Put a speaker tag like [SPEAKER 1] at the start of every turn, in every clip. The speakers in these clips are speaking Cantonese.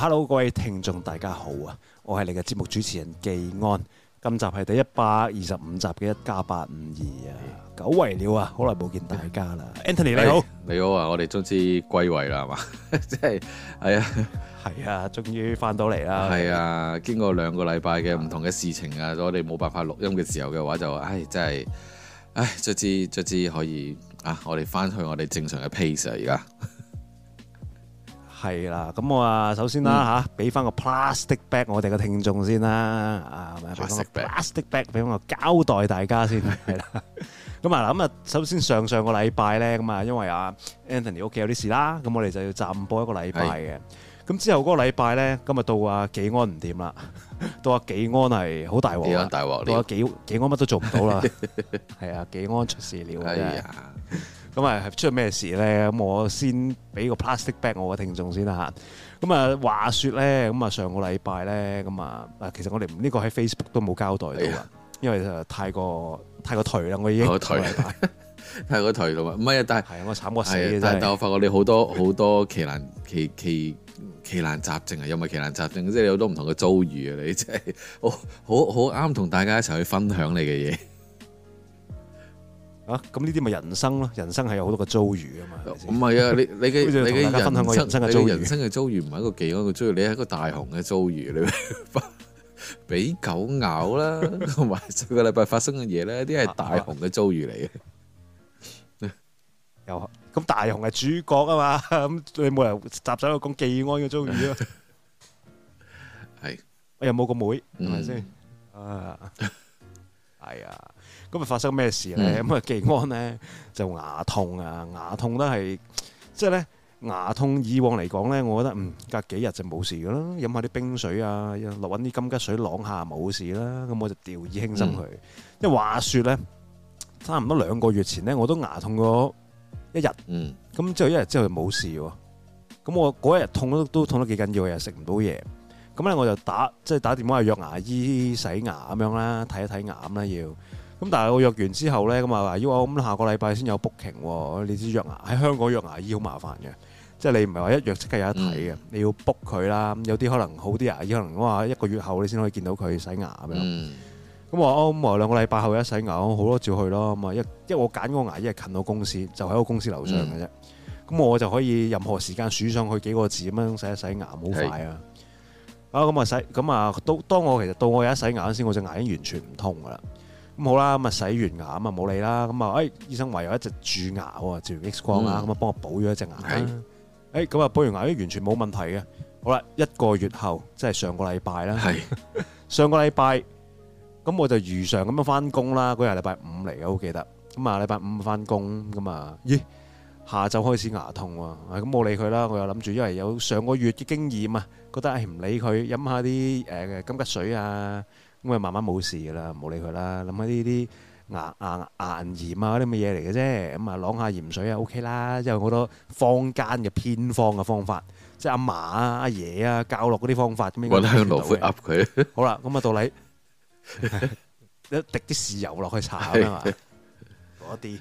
[SPEAKER 1] Hello，各位聽眾，大家好啊！我係你嘅節目主持人紀安，今集係第一百二十五集嘅一家八五二啊！52，久違了啊，好耐冇見大家啦，Anthony 你好
[SPEAKER 2] ，hey，你好啊！我哋終於歸位啦，係嘛？即係係
[SPEAKER 1] 啊，係、哎、啊，終於翻到嚟
[SPEAKER 2] 啦！係啊，經過兩個禮拜嘅唔同嘅事情啊，我哋冇辦法錄音嘅時候嘅話，就唉、哎，真係唉，卒、哎、之卒之可以啊！我哋翻去我哋正常嘅 pace 啊，而家。
[SPEAKER 1] 係啦，咁我啊首先啦嚇，俾翻個 plastic bag 我哋嘅聽眾先啦，啊俾翻個 plastic bag 俾我交代大家先，係啦。咁啊嗱，咁啊首先上上個禮拜咧，咁啊因為阿 Anthony 屋企有啲事啦，咁我哋就要暫播一個禮拜嘅。咁之後嗰個禮拜咧，今日到阿幾安唔掂啦，到阿幾安係好大鑊，大鑊，到阿幾幾安乜都做唔到啦，係啊幾安出事了真係。咁啊，出咗咩事咧？咁我先俾個 plastic bag 我嘅聽眾先啦嚇。咁啊，話説咧，咁啊上個禮拜咧，咁啊，啊其實我哋呢個喺 Facebook 都冇交代到話，啊、因為太過太過頹啦，我已經太過頹，
[SPEAKER 2] 太過頹啦嘛。唔係啊，但係係是我慘過死，但係是的但我發覺你好多好多奇難奇奇奇難雜症啊，有咪奇難雜症，即係有好多唔同嘅遭遇啊！你真係好好好啱同大家一齊去分享你嘅嘢。
[SPEAKER 1] 啊！咁呢啲咪人生咯，人生係有好多嘅遭遇啊嘛，唔係啊？你你嘅你嘅人生嘅遭遇，人生
[SPEAKER 2] 嘅遭遇唔係一個技安嘅遭遇，你係一個大雄嘅遭遇咧，你俾狗咬啦，同埋上個禮拜發生嘅嘢咧，啲係大雄嘅遭遇嚟
[SPEAKER 1] 嘅。又咁大雄係主角啊嘛，咁你冇人插嘴去講技安嘅遭遇咯？係我又冇個妹，係咪先？啊，係啊。今日發生咩事咧？咁啊、嗯，記安咧就牙痛啊！牙痛都係即係咧牙痛。以往嚟講咧，我覺得嗯隔幾日就冇事噶啦，飲下啲冰水啊，落揾啲金桔水朗下冇事啦。咁我就掉以輕心佢。即、嗯、係、嗯、話説咧，差唔多兩個月前咧，我都牙痛咗一日，咁、嗯、之後一日之後就冇事喎。咁我嗰一日痛都，都痛得幾緊要，又食唔到嘢。咁咧我就打即係、就是、打電話去約牙醫洗牙咁樣啦，睇一睇牙啦要。咁但係我約完之後呢，咁啊話要我下個禮拜先有 booking 喎。你知約牙喺香港約牙醫好麻煩嘅，即、就、係、是、你唔係話一約即刻有得睇嘅，嗯、你要 book 佢啦。有啲可能好啲牙醫，可能話一個月後你先可以見到佢洗牙咁樣。咁我、嗯、哦咁啊兩個禮拜後一洗牙，我好多照去咯。咁啊一因為我揀嗰個牙醫近我公司，就喺、是、我公司樓上嘅啫。咁、嗯、我就可以任何時間數上去幾個字咁樣洗一洗牙，好快啊。咁啊洗咁啊，當當我其實到我有一洗牙先，我隻牙已經完全唔痛噶啦。咁好啦，咁啊洗完牙咁啊冇理啦，咁啊，哎，醫生唯有一隻蛀牙，做完 X 光啦，咁啊幫我補咗一隻牙，的、欸、牙，哎，咁啊補完牙都完全冇問題嘅。好啦，一個月後即係上個禮拜啦，係的上個禮拜，咁我就如常咁樣翻工啦。嗰日禮拜五嚟嘅，好記得，咁啊禮拜五翻工咁啊，咦、嗯，下晝開始牙痛喎、啊，咁冇理佢啦。我又諗住，因為有上個月嘅經驗啊，覺得哎唔理佢，飲下啲誒金桔水啊。咁啊，慢慢冇事噶啦，唔好理佢啦。諗下呢啲牙牙牙炎啊，啲咩嘢嚟嘅啫。咁啊，啷下鹽水啊，OK 啦。之後好多坊間嘅偏方嘅方法，即係阿嫲啊、阿爺啊教落嗰啲方法。我都用蘿蔔鴨佢。好啦，咁啊到你一滴啲豉油落去搽下吖嘛，嗰啲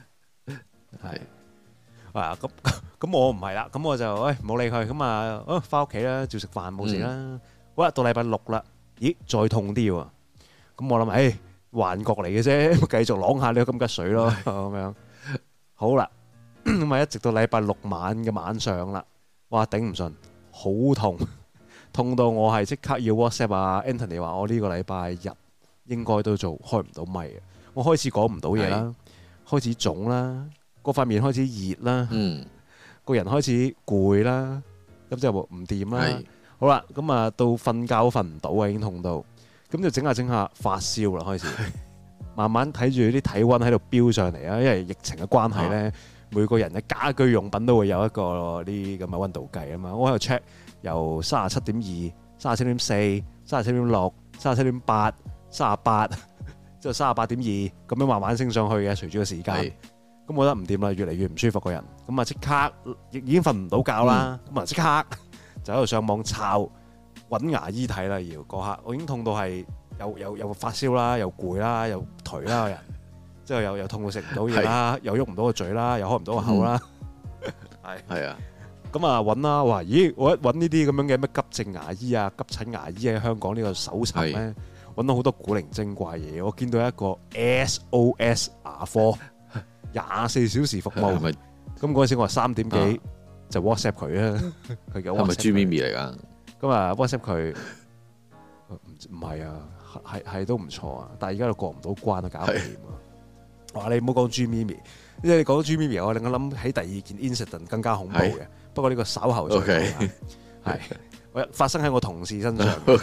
[SPEAKER 1] 係啊。咁咁我唔係啦，咁我就唉冇理佢。咁啊，哦翻屋企啦，照食飯冇事啦。好啦，到禮拜六啦，咦，再痛啲喎！咁我諗唉幻覺嚟嘅啫，繼續晾下你咁嘅水咯，咁樣好啦，咁啊一直到禮拜六晚嘅晚上啦，哇頂唔順，好痛，痛到我係即刻要 WhatsApp 啊，Anthony 話我呢個禮拜日應該都做開唔到咪，我開始講唔到嘢啦，開始腫啦，個塊面開始熱啦，嗯，個人開始攰啦，咁即係唔掂啦，好啦，咁啊到瞓覺瞓唔到啊，已經痛到。咁就整下整下發燒啦，開始慢慢睇住啲體溫喺度飆上嚟啊！因為疫情嘅關係咧，每個人嘅家居用品都會有一個呢咁嘅溫度計啊嘛，我喺度 check 由三十七點二、三十七點四、三十七點六、三十七點八、三十八，之後三十八點二咁樣慢慢升上去嘅，隨住個時間。咁是我覺得唔掂啦，越嚟越唔舒服個人。咁啊即刻亦已經瞓唔到覺啦，咁啊即刻就喺度上網抄。揾牙醫睇啦，搖嗰刻我已經痛到係又又又發燒啦，又攰啦，又頹啦個人，之後又又痛到食唔到嘢啦，又喐唔到個嘴啦，又開唔到個口啦。係係啊，咁啊揾啦，話咦，我一揾呢啲咁樣嘅咩急症牙醫啊、急診牙醫喺香港呢個搜尋咧，揾到好多古靈精怪嘢。我見到一個 SOS 牙科，廿四小時服務。咁嗰陣時我話三點幾就 WhatsApp 佢啊，佢嘅係咪
[SPEAKER 2] Gummy 嚟噶？
[SPEAKER 1] 咁啊，WhatsApp 佢唔唔係啊，係係都唔錯啊，但係而家就過唔到關啊，搞唔掂啊！我話你唔好講 Gummy，因為講 Gummy，我令我諗起第二件 incident 更加恐怖嘅。不過呢個稍後再係，發生喺我同事身上。不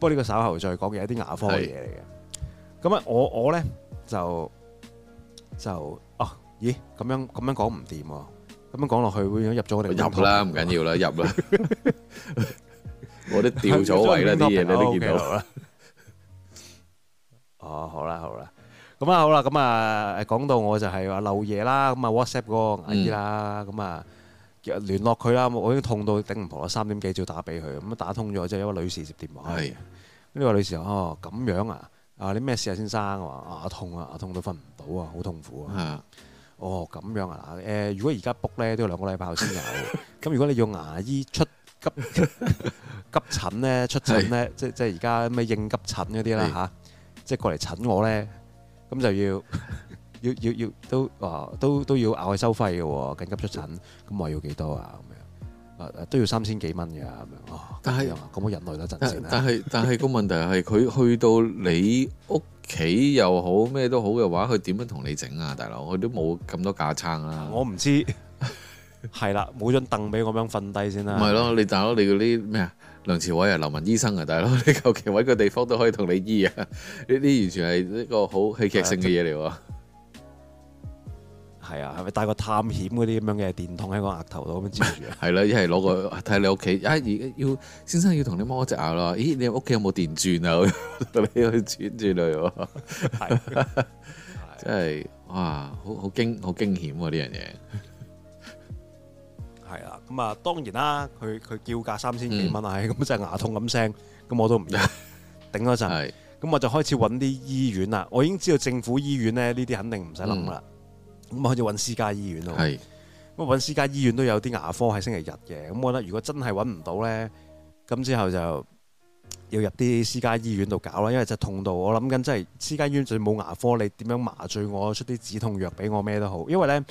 [SPEAKER 1] 過呢個稍後再講嘅係一啲牙科嘅嘢嚟嘅。咁啊，我我咧就就啊，咦？咁樣咁樣講唔掂啊？咁樣講落去會入咗我哋入啦，唔緊要啦，入啦。我都掉咗位啦，啲嘢你都見到。哦、okay，好啦，好啦，咁啊，好啦，咁啊，講到我就係話漏嘢啦，咁啊 WhatsApp 個牙醫啦，咁啊聯絡佢啦，我已經痛到頂唔婆啦，三點幾就打俾佢，咁打通咗即係有個女士接電話，係呢個女士哦咁樣啊，啊你咩事啊？先生我話，牙痛啊，牙痛到瞓唔到啊，好痛苦啊，是的 哦咁樣啊，誒、呃、如果而家 book 咧都要兩個禮拜先有，咁 如果你用牙醫出？急 急診咧，出診咧，是即即係而家咩應急診嗰啲啦吓，即係過嚟診我咧，咁就要 要要要都啊，都都，都要額外收費嘅喎，緊急出診，咁我要幾多啊？咁樣啊都要三千幾蚊嘅咁樣哦是，但係咁嘅忍耐咧陣時，但係但係個問題係佢 去
[SPEAKER 2] 到你屋企又好咩都好嘅話，佢點樣同你整啊大佬？佢都冇咁多架撐啦，我唔知。係啦，冇張凳俾我咁樣瞓低先啦。唔係咯，你大佬你嗰啲咩啊？梁朝偉啊，劉文醫生啊，大佬你求其搵個地方都可以同你醫啊！呢啲完全係一個好戲劇性嘅嘢嚟。係啊，係咪帶個探險嗰啲咁樣嘅電筒喺 個額頭度咁樣照住？係啦，一係攞個睇下你屋企啊，而要先生要同你摸隻牙啦。咦，你屋企有冇電鑽啊？ 你轉轉去鑽住嚟？真係哇，好好驚好驚險喎呢樣嘢。
[SPEAKER 1] 係啦，咁啊，當然啦，佢佢叫價三千幾蚊，唉、嗯，咁真係牙痛咁聲，咁我都唔要，頂嗰陣，咁是我就開始揾啲醫院啦。我已經知道政府醫院咧，呢啲肯定唔使諗啦，咁啊、嗯，開始揾私家醫院咯。咁我揾私家醫院都有啲牙科喺星期日嘅，咁我覺得如果真係揾唔到呢，咁之後就要入啲私家醫院度搞啦，因為痛真痛到我諗緊，真係私家醫院最冇牙科，你點樣麻醉我，出啲止痛藥俾我咩都好，因為呢。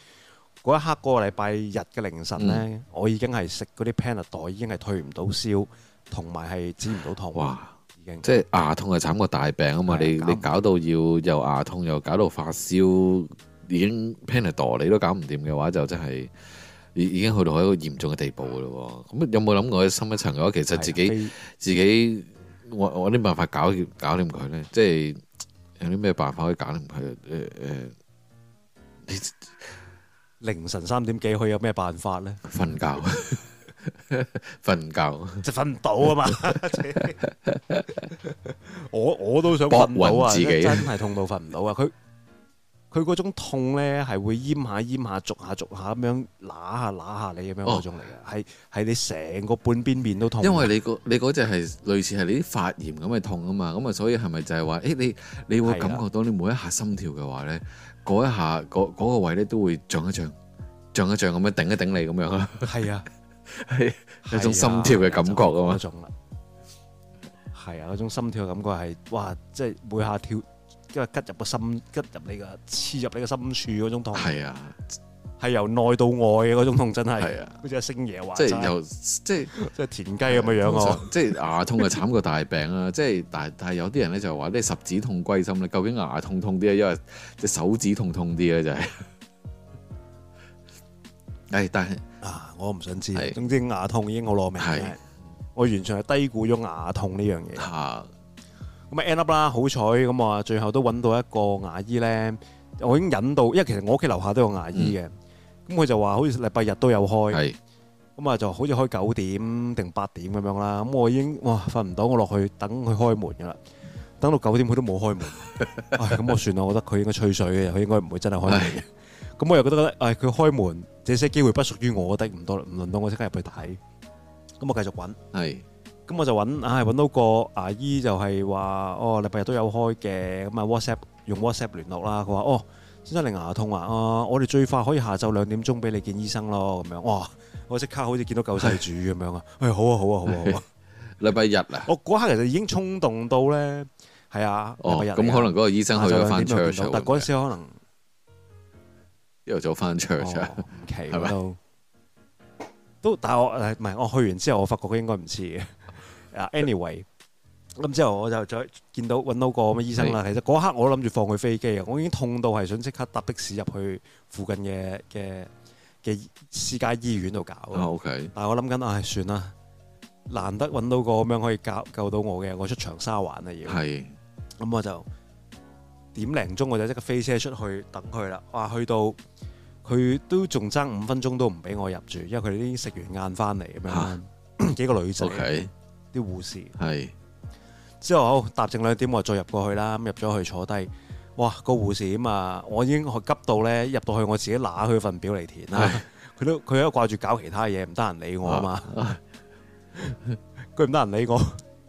[SPEAKER 1] 嗰一刻、個禮拜日嘅凌晨咧，嗯、我已經係食嗰啲 Panadol，已經係退唔到燒，同埋係止唔到痛。哇！已經即係
[SPEAKER 2] 牙痛係慘過大病啊嘛！的你搞你搞到要又牙痛又搞到發燒，已經 Panadol 你都搞唔掂嘅話，就真係已已經去到一個嚴重嘅地步嘅咯。咁的有冇諗過深一層嘅話，其實自己的非自己我我啲辦法搞搞掂佢咧？即係有啲咩辦法可以搞掂佢？誒、呃、誒，呃
[SPEAKER 1] 呃 凌晨三點幾去有咩辦法咧？瞓睡覺，瞓 覺不著，即係瞓唔到啊嘛！我我都想瞓到啊，真係痛到瞓唔到啊！佢佢嗰種痛咧係會淹下淹下，逐下逐下咁樣揦下揦下你咁樣嗰種嚟嘅，係係、哦、你成個半邊面都痛。因為你、那個、你
[SPEAKER 2] 嗰隻係類似係你啲發炎咁嘅痛啊嘛，咁啊所以係咪就係話誒你你會感覺到你每一下心跳嘅話咧？嗰一下，嗰、嗰個位咧都會撞一撞，撞一撞，咁樣頂一頂你咁樣啦。
[SPEAKER 1] 係啊，係一種心跳嘅感
[SPEAKER 2] 覺咁嗰種啦。係啊，嗰、就係
[SPEAKER 1] 種,種,啊、種心跳嘅感覺係哇，即係每下跳，因為吉入個心，吉入你個刺入你嘅心處嗰種痛。係啊。係由內到外嘅嗰種痛真，真係、啊，好似阿星爺話齋即係由即係即係田雞咁嘅樣哦。
[SPEAKER 2] 即係、啊、牙痛係慘過大病啊，即係 但係但係有啲人咧就話咧十指痛歸心啦。究竟牙痛痛啲啊，因為隻手指痛痛啲啊，就
[SPEAKER 1] 係。誒，但係啊，我唔想知。是總之牙痛已經好攞命是我完全係低估咗牙痛呢樣嘢。咁啊，end up 啦，好彩咁啊，最後都揾到一個牙醫咧。我已經引導，因為其實我屋企樓下都有牙醫嘅。嗯咁佢就話好似禮拜日都有開，咁啊是就好似開九點定八點咁樣啦。咁我已經哇瞓唔到，我落去等佢開門噶啦。等到九點佢都冇開門，咁 我算啦。我覺得佢應該吹水嘅，佢應該唔會真係開門嘅。咁是 我又覺得咧，誒，佢開門這些機會不屬於我的，唔多唔輪到我即刻入去睇。咁我繼續揾，係是，咁我就揾，唉、啊、揾到個阿姨就係話，哦，禮拜日都有開嘅，咁啊 WhatsApp 用 WhatsApp 聯絡啦。佢話哦。真係嚟，牙痛啊！我哋最快可以下晝兩點鐘俾你見醫生咯，咁樣哇！我即刻好似見到救世主咁是樣啊！誒、哎，好啊，好啊，好啊！禮拜日啊！我嗰刻其實已經衝動到咧，係啊，哦、日啊。咁可能嗰個醫生去咗翻 check 但嗰陣時可能
[SPEAKER 2] 一為早翻 check 唔奇，
[SPEAKER 1] 都吧都，但係我唔係、哎，我去完之後我發覺佢應該唔似嘅，anyway 咁之後我就再見到揾到個咁嘅醫生啦。Okay. 其實嗰刻我都諗住放佢飛機啊，我已經痛到係想即刻搭的士入去附近嘅嘅嘅私家醫院度搞。O Okay . K。但係我諗緊，唉，算啦，難得揾到個咁樣可以救救到我嘅，我出長沙玩啊要。係是。咁、嗯、我就點零鐘我就即刻飛車出去等佢啦。哇，去到佢都仲爭五分鐘都唔俾我入住，因為佢哋已經食完晏翻嚟咁樣。 幾個女仔，啲 Okay. 護士。係是。之後好，搭正兩點我再入過去啦。咁入咗去坐低，哇、個護士咁啊，我已經我急到咧入到去，我自己拿佢份表嚟填啦。佢是 都佢喺度掛住搞其他嘢，唔得人理我啊嘛。佢唔得人理我，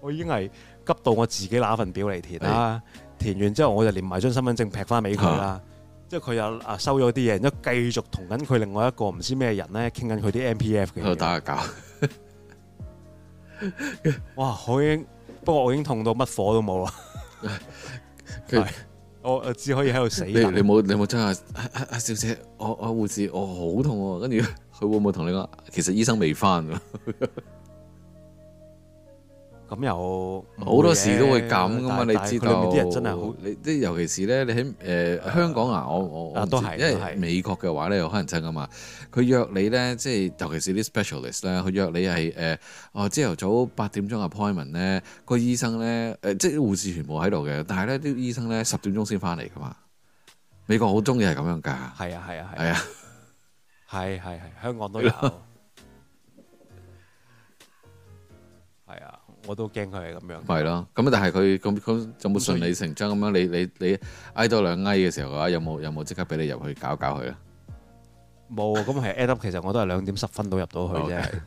[SPEAKER 1] 我已經係急到我自己拿份表嚟填啦。是填完之後，我就連埋張身份證劈翻俾佢啦。即係佢又啊收咗啲嘢，然之後繼續同緊佢另外一個唔知咩人咧傾緊佢啲 M P F 嘅打擾。佢打下交。哇，好以。不過我已經痛到乜火都冇啦 他！我我只可以喺度死 你。你冇
[SPEAKER 2] 你冇真係阿、啊啊、小姐，我我護、啊、士我好、哦、痛、啊，會會跟住佢會唔會同你講，其實醫生未返。
[SPEAKER 1] 咁又好多時都會咁噶嘛？但你知道？啲人真係
[SPEAKER 2] 好，你即尤其是咧，你喺誒香港啊，我我都係，都因為美國嘅話咧，有可能真噶嘛。佢約你咧，即係尤其是啲 specialist 咧，佢約你係誒哦，朝、呃、頭早八點鐘 appointment 咧，個醫生咧誒、呃，即係護士全部喺度嘅，但係咧啲醫生咧十點鐘先翻嚟噶嘛。美國好中意係咁樣㗎。係、嗯、啊係啊
[SPEAKER 1] 係啊係係係香港都有。 我都驚佢係咁樣。係咯，
[SPEAKER 2] 咁啊，但係佢咁咁有冇順理成章咁樣？你你你挨多兩挨嘅時候嘅話，有冇有冇即刻俾你入去搞搞佢
[SPEAKER 1] 咧？冇，咁係 add up。其實我都係兩點十分到入到去啫。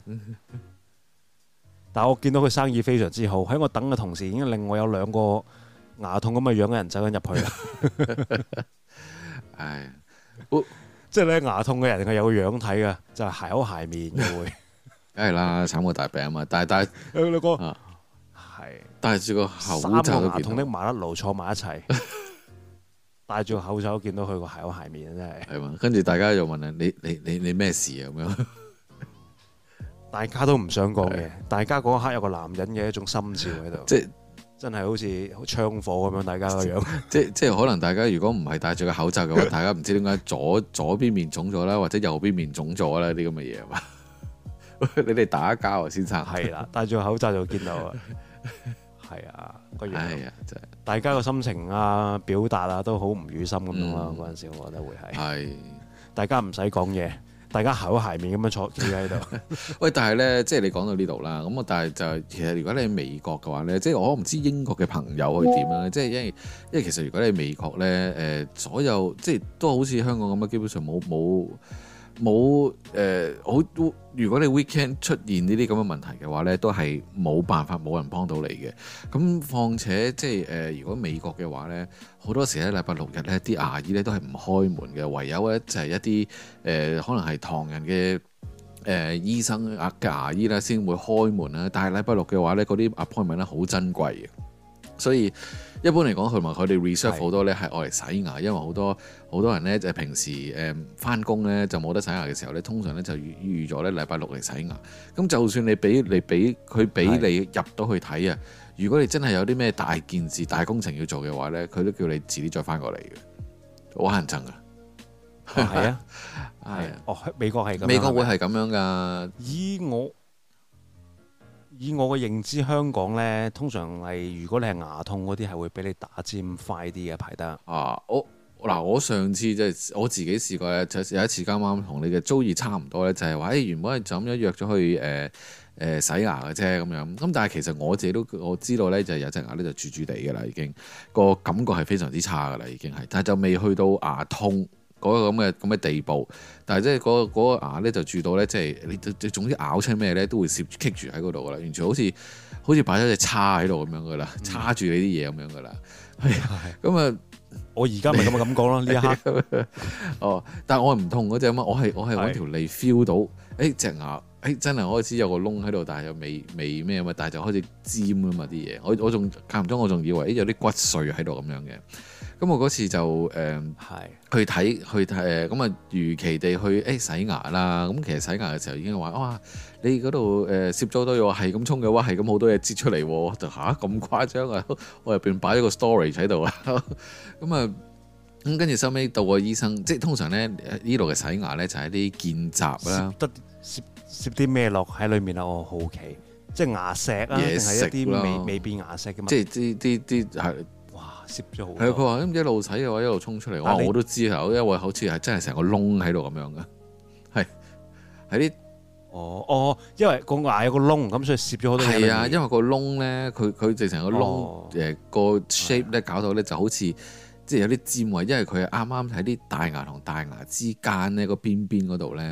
[SPEAKER 1] 但係我見到佢生意非常之好，喺我等嘅同時，已經另外有兩個牙痛咁嘅樣嘅人走緊入去啦。唉，即係咧牙痛嘅人佢有個樣睇嘅，就係鞋口鞋面嘅會。梗係啦，慘過大病啊嘛。但係但係，誒你哥。係戴住個口罩都見到同啲麻甩佬坐埋一齊， 戴住個口罩見到佢個鞋款鞋面真係。係嘛，跟住大家又問啊，你你你你咩事啊咁樣？大家都唔想講嘢，的大家嗰刻有個男人嘅一種心照喺度，即係真係好似好槍火咁樣，大家個樣
[SPEAKER 2] 即。即係即係可能大家如果唔係戴住個口罩嘅話， 大家唔知點解左左邊面腫咗啦，或者右邊面腫咗啦啲咁嘅嘢嘛？ 你哋打交
[SPEAKER 1] 啊，先生？係啦，戴住個口罩就見到。
[SPEAKER 2] 係 啊，個樣啊，真係
[SPEAKER 1] 大家個心情啊、表達啊，都好唔滿心咁啊。嗰陣、嗯、時我覺得會係係是大家唔使講嘢，大家口鞋面咁樣坐住喺度。 喂，但係咧，即係你
[SPEAKER 2] 講到呢度啦。咁啊，但係就係其實如果你喺美國嘅話咧，即係我唔知英國嘅朋友去點啦。即係因為因為其實如果你喺美國咧，誒，所有即係都好似香港咁啊，基本上冇冇。冇誒、呃，好都如果你 weekend 出現呢啲咁嘅問題嘅話呢，都係冇辦法，冇人幫到你嘅。咁況且即係誒、呃，如果美國嘅話呢，好多時咧，禮拜六日呢啲牙醫呢都係唔開門嘅，唯有呢就係一啲誒、呃、可能係唐人嘅誒、呃、醫生啊牙醫呢先會開門啦。但係禮拜六嘅話呢，嗰啲 appointment 呢好珍貴嘅。所以一般嚟講，佢話佢哋 reserve 好多咧，係愛嚟洗牙，是因為好多好多人咧就平時誒翻工咧就冇得洗牙嘅時候咧，通常咧就預預咗咧禮拜六嚟洗牙。咁就算你俾你俾佢俾你入到去睇啊，是如果你真係有啲咩大件事、大工程要做嘅話咧，佢都叫你自己再翻過嚟嘅，好黑人憎噶。係
[SPEAKER 1] 啊，係啊，啊哦，美國係美國會係咁樣噶，咦、嗯，我。以我嘅認知，香港呢通常係如果你係牙痛嗰啲，係會畀你打尖快啲嘅排得。啊，
[SPEAKER 2] 我嗱我上次即係我自己試過咧，有有一次啱啱同你嘅遭遇差唔多呢，就係、是、話，誒、哎、原本就咁樣約咗去誒、呃呃、洗牙嘅啫咁樣。咁但係其實我自己都我知道呢，就是、有隻牙呢就蛀蛀地嘅啦，已經個感覺係非常之差嘅啦，已經係，但係就未去到牙痛。嗰個咁嘅咁嘅地步，但係即係嗰個牙咧就住到咧，即係你總之咬出咩咧都會攝棘住喺嗰度噶啦，完全好似好似擺咗隻叉喺度咁樣噶啦，叉住你啲嘢咁樣噶啦。係啊係。咁啊的，就我而家咪咁啊咁講咯呢一刻。 哦，但係我唔痛嗰隻啊嘛，我係我係揾條脷 feel 到，誒的、欸、隻牙誒、欸、真係開始有個窿喺度，但係又未未咩嘛，但係就開始尖噶嘛啲嘢，我我仲間唔中我仲以為誒有啲骨碎喺度咁樣嘅。咁我嗰次就誒、呃、是的 去睇去睇誒咁啊，如期地去誒、欸、洗牙啦。咁其實洗牙嘅時候已經話哇，你嗰度誒攝咗好多，我係咁沖嘅話，係咁好多嘢擠出嚟、啊，就嚇咁誇張啊！我入邊擺咗個 storage 喺度啊。咁啊，咁跟住收尾到個醫生，即係通常咧呢度嘅洗牙咧就係啲見習啦。
[SPEAKER 1] 得攝啲咩落喺裏面啊？我好奇，即係牙石啊，定係啲未未變牙石嘅？即係啲啲啲係。攝咗，好
[SPEAKER 2] 係佢話：一一路洗嘅話，一路衝出嚟。啊、哇！我都知啦，因為好似係真係成個
[SPEAKER 1] 窿喺度咁樣㗎，係喺啲，哦哦，因為個牙有個窿，咁所以攝咗好多嘢。係啊，因
[SPEAKER 2] 為個窿咧，佢佢形成個窿，誒、哦呃、個 shape 咧，搞到咧就好似。即係有啲尖位，因為佢係啱啱喺啲大牙同大牙之間咧，個邊邊嗰度咧，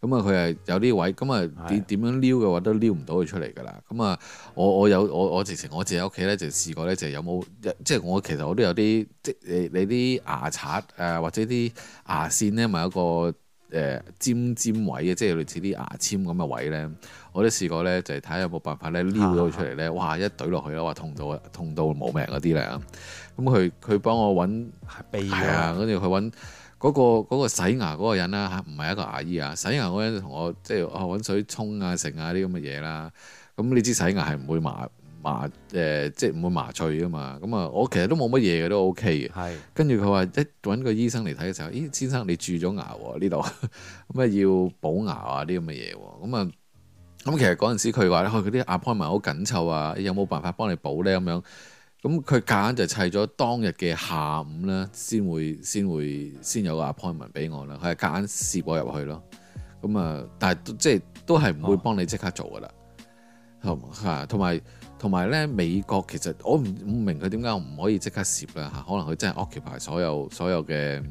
[SPEAKER 2] 咁啊佢係有啲位，咁啊你點樣撩嘅話都撩唔到佢出嚟噶啦。咁啊的，我我有我我直情我自己屋企咧就試過咧，就係有冇即係我其實我都有啲，即係你你啲牙刷誒或者啲牙線咧咪有一個尖尖位嘅，即係類似啲牙籤咁嘅位咧。我都試過咧，就係睇下有冇辦法咧撩到出嚟咧、啊，哇！一懟落去咧，話痛到痛到冇命嗰啲咧，咁佢佢幫我揾係啊，跟住佢揾嗰個洗牙嗰個人啦嚇，唔係一個牙醫啊，洗牙嗰人同我即係啊揾水沖啊食啊啲咁嘅嘢啦。咁、嗯、你知洗牙係唔會麻麻誒、呃，即係唔會麻醉噶嘛。咁、嗯、啊，我其實都冇乜嘢嘅，都 OK 嘅。係跟住佢話一揾個醫生嚟睇嘅時候，咦？先生你蛀咗牙喎呢度，咁啊要補牙啊啲咁嘅嘢喎，咁啊～咁其實嗰陣時佢話咧，佢嗰啲 appointment 好緊湊啊，有冇辦法幫你補呢？咁樣，咁佢夾硬就砌咗當日嘅下午啦，先會先會先有個 appointment 俾我啦。佢係夾硬攝我入去咯。咁啊，但係即係都係唔會幫你即刻做噶啦。同同埋同埋咧，美國其實我唔唔明佢點解我唔可以即刻攝啦嚇。可能佢真係 occupy 所有所有嘅誒、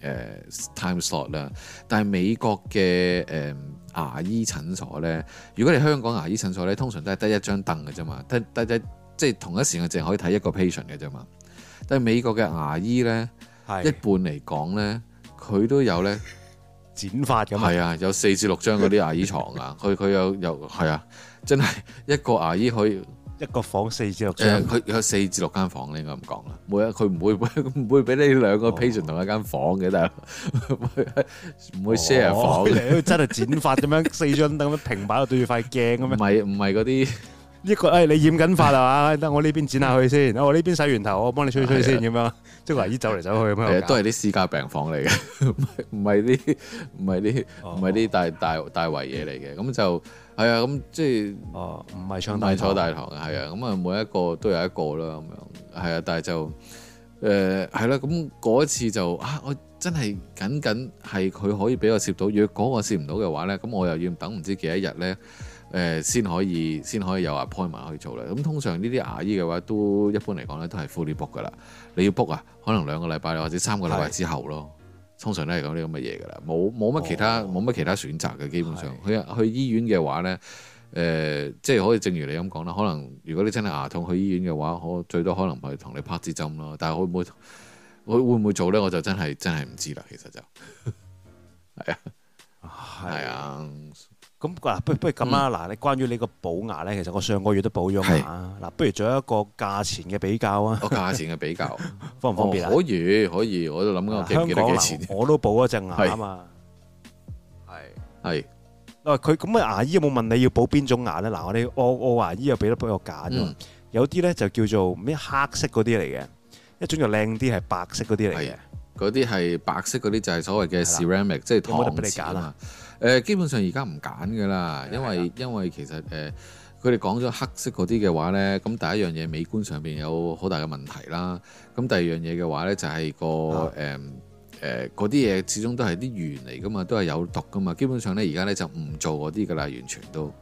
[SPEAKER 2] 呃、time slot 啦。但係美國嘅誒。呃牙醫診所呢，如果你香港牙醫診所呢，通常都係得一張凳嘅啫嘛，得得即係同一時間淨可以睇一個 patient 嘅啫嘛。但係美國嘅牙醫呢，是一半嚟講呢，佢都有呢剪髮嘅嘛。係啊，有四至六張嗰啲牙醫床啊，佢佢 有有係啊，真係一個牙醫可以。一個房間四至六張，佢有四至六間房間，你應該唔講啦。每一佢唔會唔會俾你兩個 patient 同一間房嘅，但係唔
[SPEAKER 1] 會，會 share、哦、房嘅。你真係剪髮咁 樣，四張凳平擺喺對住塊鏡咁樣，唔係唔係嗰啲一個誒、哎，你染緊髮啊嘛？等我呢邊剪下去先，我呢邊、啊、洗完頭，我幫你吹吹先咁、啊、樣，即係圍依走嚟走去咁樣。都係啲私家病房嚟嘅，唔係
[SPEAKER 2] 啲唔係啲唔係啲大大大圍嘢嚟嘅，咁就。係啊，咁即係唔係坐大堂啊？係啊，咁啊每一個都有一個啦，咁樣係啊，但係就誒係啦，咁嗰一次就啊，我真係僅僅係佢可以俾我攝到，如果我攝唔到嘅話呢，咁我又要等唔知幾多日呢，誒、呃、先可以先可以有話 appointment 可以做咧。咁通常呢啲牙醫嘅話都一般嚟講呢，都係 full book 噶啦，你要 book 啊，可能兩個禮拜或者三個禮拜之後咯。通常都係講啲咁嘅嘢㗎啦，冇冇乜其他冇乜其他選擇嘅，基本上去去醫院嘅話咧，誒、呃，即係可以正如你咁講啦。可能如果你真係牙痛去醫院嘅話，我最多可能係同你拍支針咯。但係會唔會會會唔會做咧？我就真係真係唔知啦。其實就
[SPEAKER 1] 係啊，係啊。咁嗱，不不如咁啦。嗱，你關於你個補牙咧，其實我上個月都補咗牙，嗱，不如做一個價錢嘅比較啊。個價錢嘅比較，方唔方便啊？可以，
[SPEAKER 2] 可以，我都諗緊，記唔記得幾錢？我都
[SPEAKER 1] 補一隻牙啊嘛。係係。佢咁嘅牙醫有冇問你要補邊種牙咧？嗱，我哋，我我牙醫又俾得俾我揀。有啲咧就叫做咩黑色嗰啲嚟嘅，一種就靚啲係白色嗰啲嚟嘅。
[SPEAKER 2] 嗰啲係白色嗰啲就係所謂嘅 ceramic，即係搪瓷啊嘛。誒基本上而家唔揀㗎啦，因為的因為其實誒佢哋講咗黑色嗰啲嘅話咧，咁第一樣嘢美觀上面有好大嘅問題啦，咁第二樣嘢嘅話咧就係個誒誒嗰啲嘢始終都係啲魚嚟噶嘛，都係有毒噶嘛，基本上咧而家咧就唔做嗰啲㗎啦，完全都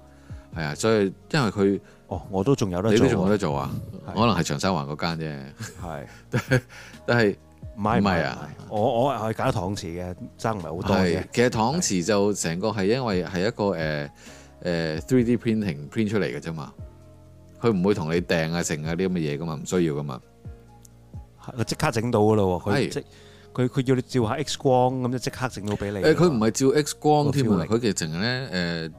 [SPEAKER 2] 係啊，所
[SPEAKER 1] 以因為佢哦，我都仲有得你都仲有得做啊，
[SPEAKER 2] 做嗯、可能係長沙灣嗰間啫，係
[SPEAKER 1] 的， 但係。唔係啊！我我係揀咗搪瓷嘅，爭唔係好多。係，
[SPEAKER 2] 其實搪瓷就成個係因為係一個誒誒 three D printing print 出嚟嘅啫嘛，佢唔會同你訂啊成啊啲咁嘅嘢噶嘛，唔需要噶嘛。
[SPEAKER 1] 即刻整到噶啦！佢即佢佢要你照下 X 光咁就即刻整到俾你。佢
[SPEAKER 2] 唔係照 X 光添，佢其實淨係咧誒。呃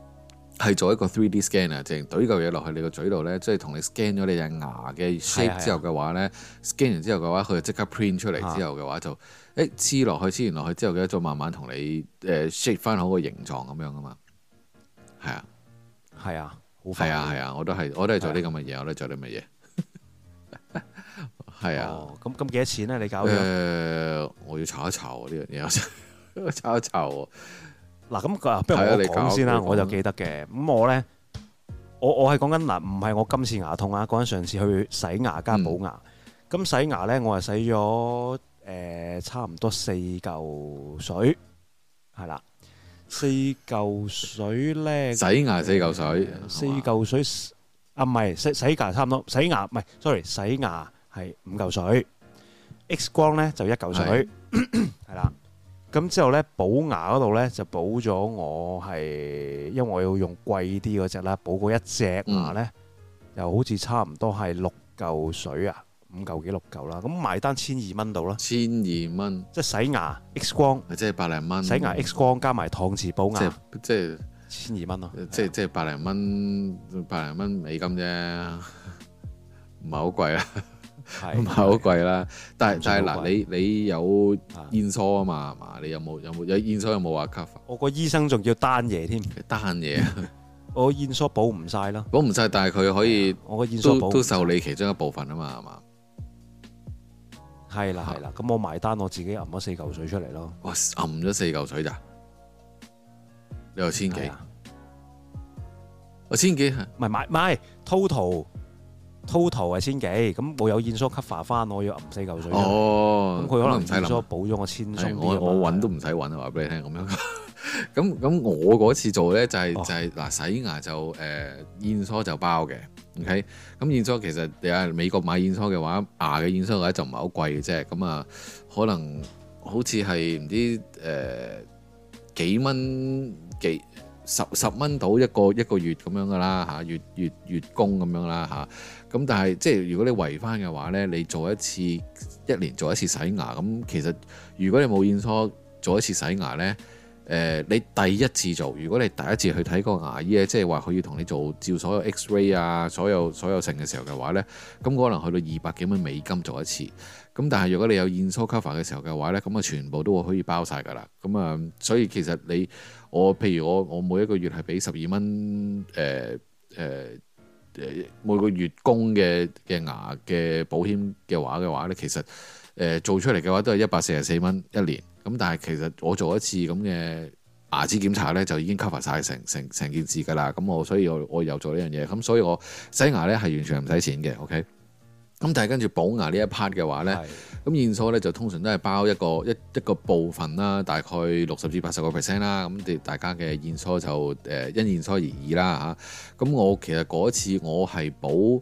[SPEAKER 2] 係做一個 three D scanner，淨係呢嚿嘢落去你個嘴度咧，即係同你 scan 咗你隻牙嘅 shape 是的 之後嘅話咧是的，scan 完之後嘅話，佢就即刻 print 出嚟是的 之後嘅話就，誒黐落去，黐完落去之後嘅話，再慢慢同你誒 shape 翻好個形狀咁樣㗎嘛。係啊，係啊，好啊係啊，我都係，我都係做啲咁嘅嘢，是的 我都做啲咁嘅嘢。係啊的，咁
[SPEAKER 1] 咁幾多錢咧？你搞誒、
[SPEAKER 2] 呃，我要查一查呢樣嘢，
[SPEAKER 1] 我 查一查喎。嗱，咁不如我哋講先啦，我就記得嘅。咁我咧，我我係講緊嗱，唔係我今次牙痛啊，講緊上次去洗牙加補牙。咁洗牙咧，我係洗咗誒差唔多四嚿水，係啦，四嚿水咧。洗牙四嚿水，四嚿水啊，唔係洗洗牙差唔多，洗牙唔係，sorry，洗牙係五嚿水，X 光咧就一嚿水，係啦。咁之後咧，補牙嗰度咧就補咗我係，因為我要用貴啲嗰隻啦，補過一隻牙咧，又、嗯、好似差唔多係六嚿水啊，五嚿幾六嚿啦，咁埋單千二蚊到啦，千二蚊，即係洗牙 X 光，嗯、即係百零蚊，洗牙 X 光加埋糖瓷補牙，嗯、即係千二蚊咯，即係即係百零蚊，
[SPEAKER 2] 百零蚊美金啫，唔係好貴啊。唔係好貴啦，但係但係嗱，你你有 insurance 啊嘛，係嘛？你有冇有冇有 insurance
[SPEAKER 1] 有冇話 cover？我個醫生仲要單嘢添，單嘢，我 insurance 保唔晒啦，
[SPEAKER 2] 保唔晒，但係佢可以，我個 insurance 都受理其中一部分啊嘛，係嘛？
[SPEAKER 1] 係啦係啦，咁我埋單，我自己揞咗四嚿水出嚟咯，我揞咗四嚿水咋？你話千幾？我千幾？唔係唔係，total。total 係千幾咁，冇有煙梳 cover 翻，我要噏四嚿水。哦，
[SPEAKER 2] 咁佢可能唔使攞保咗我千鬆啲，我揾都唔使揾啊！話俾你聽咁樣。咁 咁我嗰次做咧就係、是哦、就係嗱洗牙就誒煙梳就包嘅。OK，咁煙梳其實你喺美國買煙梳嘅話，牙嘅煙梳咧就唔係好貴嘅啫。咁啊，可能好似係唔知誒、呃、幾蚊幾十十蚊到一個一個月咁樣噶啦嚇，月月月供咁樣啦嚇。啊咁但係即係如果你維翻嘅話呢，你做一次一年做一次洗牙咁，其實如果你冇現初做一次洗牙呢，誒、呃、你第一次做，如果你第一次去睇個牙醫即係話佢要同你做照所有 X-ray 啊，所有所有成嘅時候嘅話呢，咁可能去到二百幾蚊美金做一次。咁但係如果你有現初 cover 嘅時候嘅話呢，咁啊全部都會可以包晒㗎啦。咁、嗯、啊，所以其實你我譬如我我每一個月係俾十二蚊誒誒。呃呃誒每個月供嘅嘅牙嘅保險嘅話嘅話咧，其實誒做出嚟嘅話都係一百四十四蚊一年。咁但係其實我做一次咁嘅牙齒檢查咧，就已經 cover 晒成成成件事㗎啦。咁我所以我我又做呢樣嘢。咁所以我洗牙咧係完全唔使錢嘅。OK。咁但係跟住補牙呢一 part 嘅話，是驗呢，咁現所呢就通常都係包一個一一個部分啦，大概六十至八十個 percent 啦。咁哋大家嘅現所就誒、呃、因現所而異啦嚇。咁、啊、我其實嗰次我係補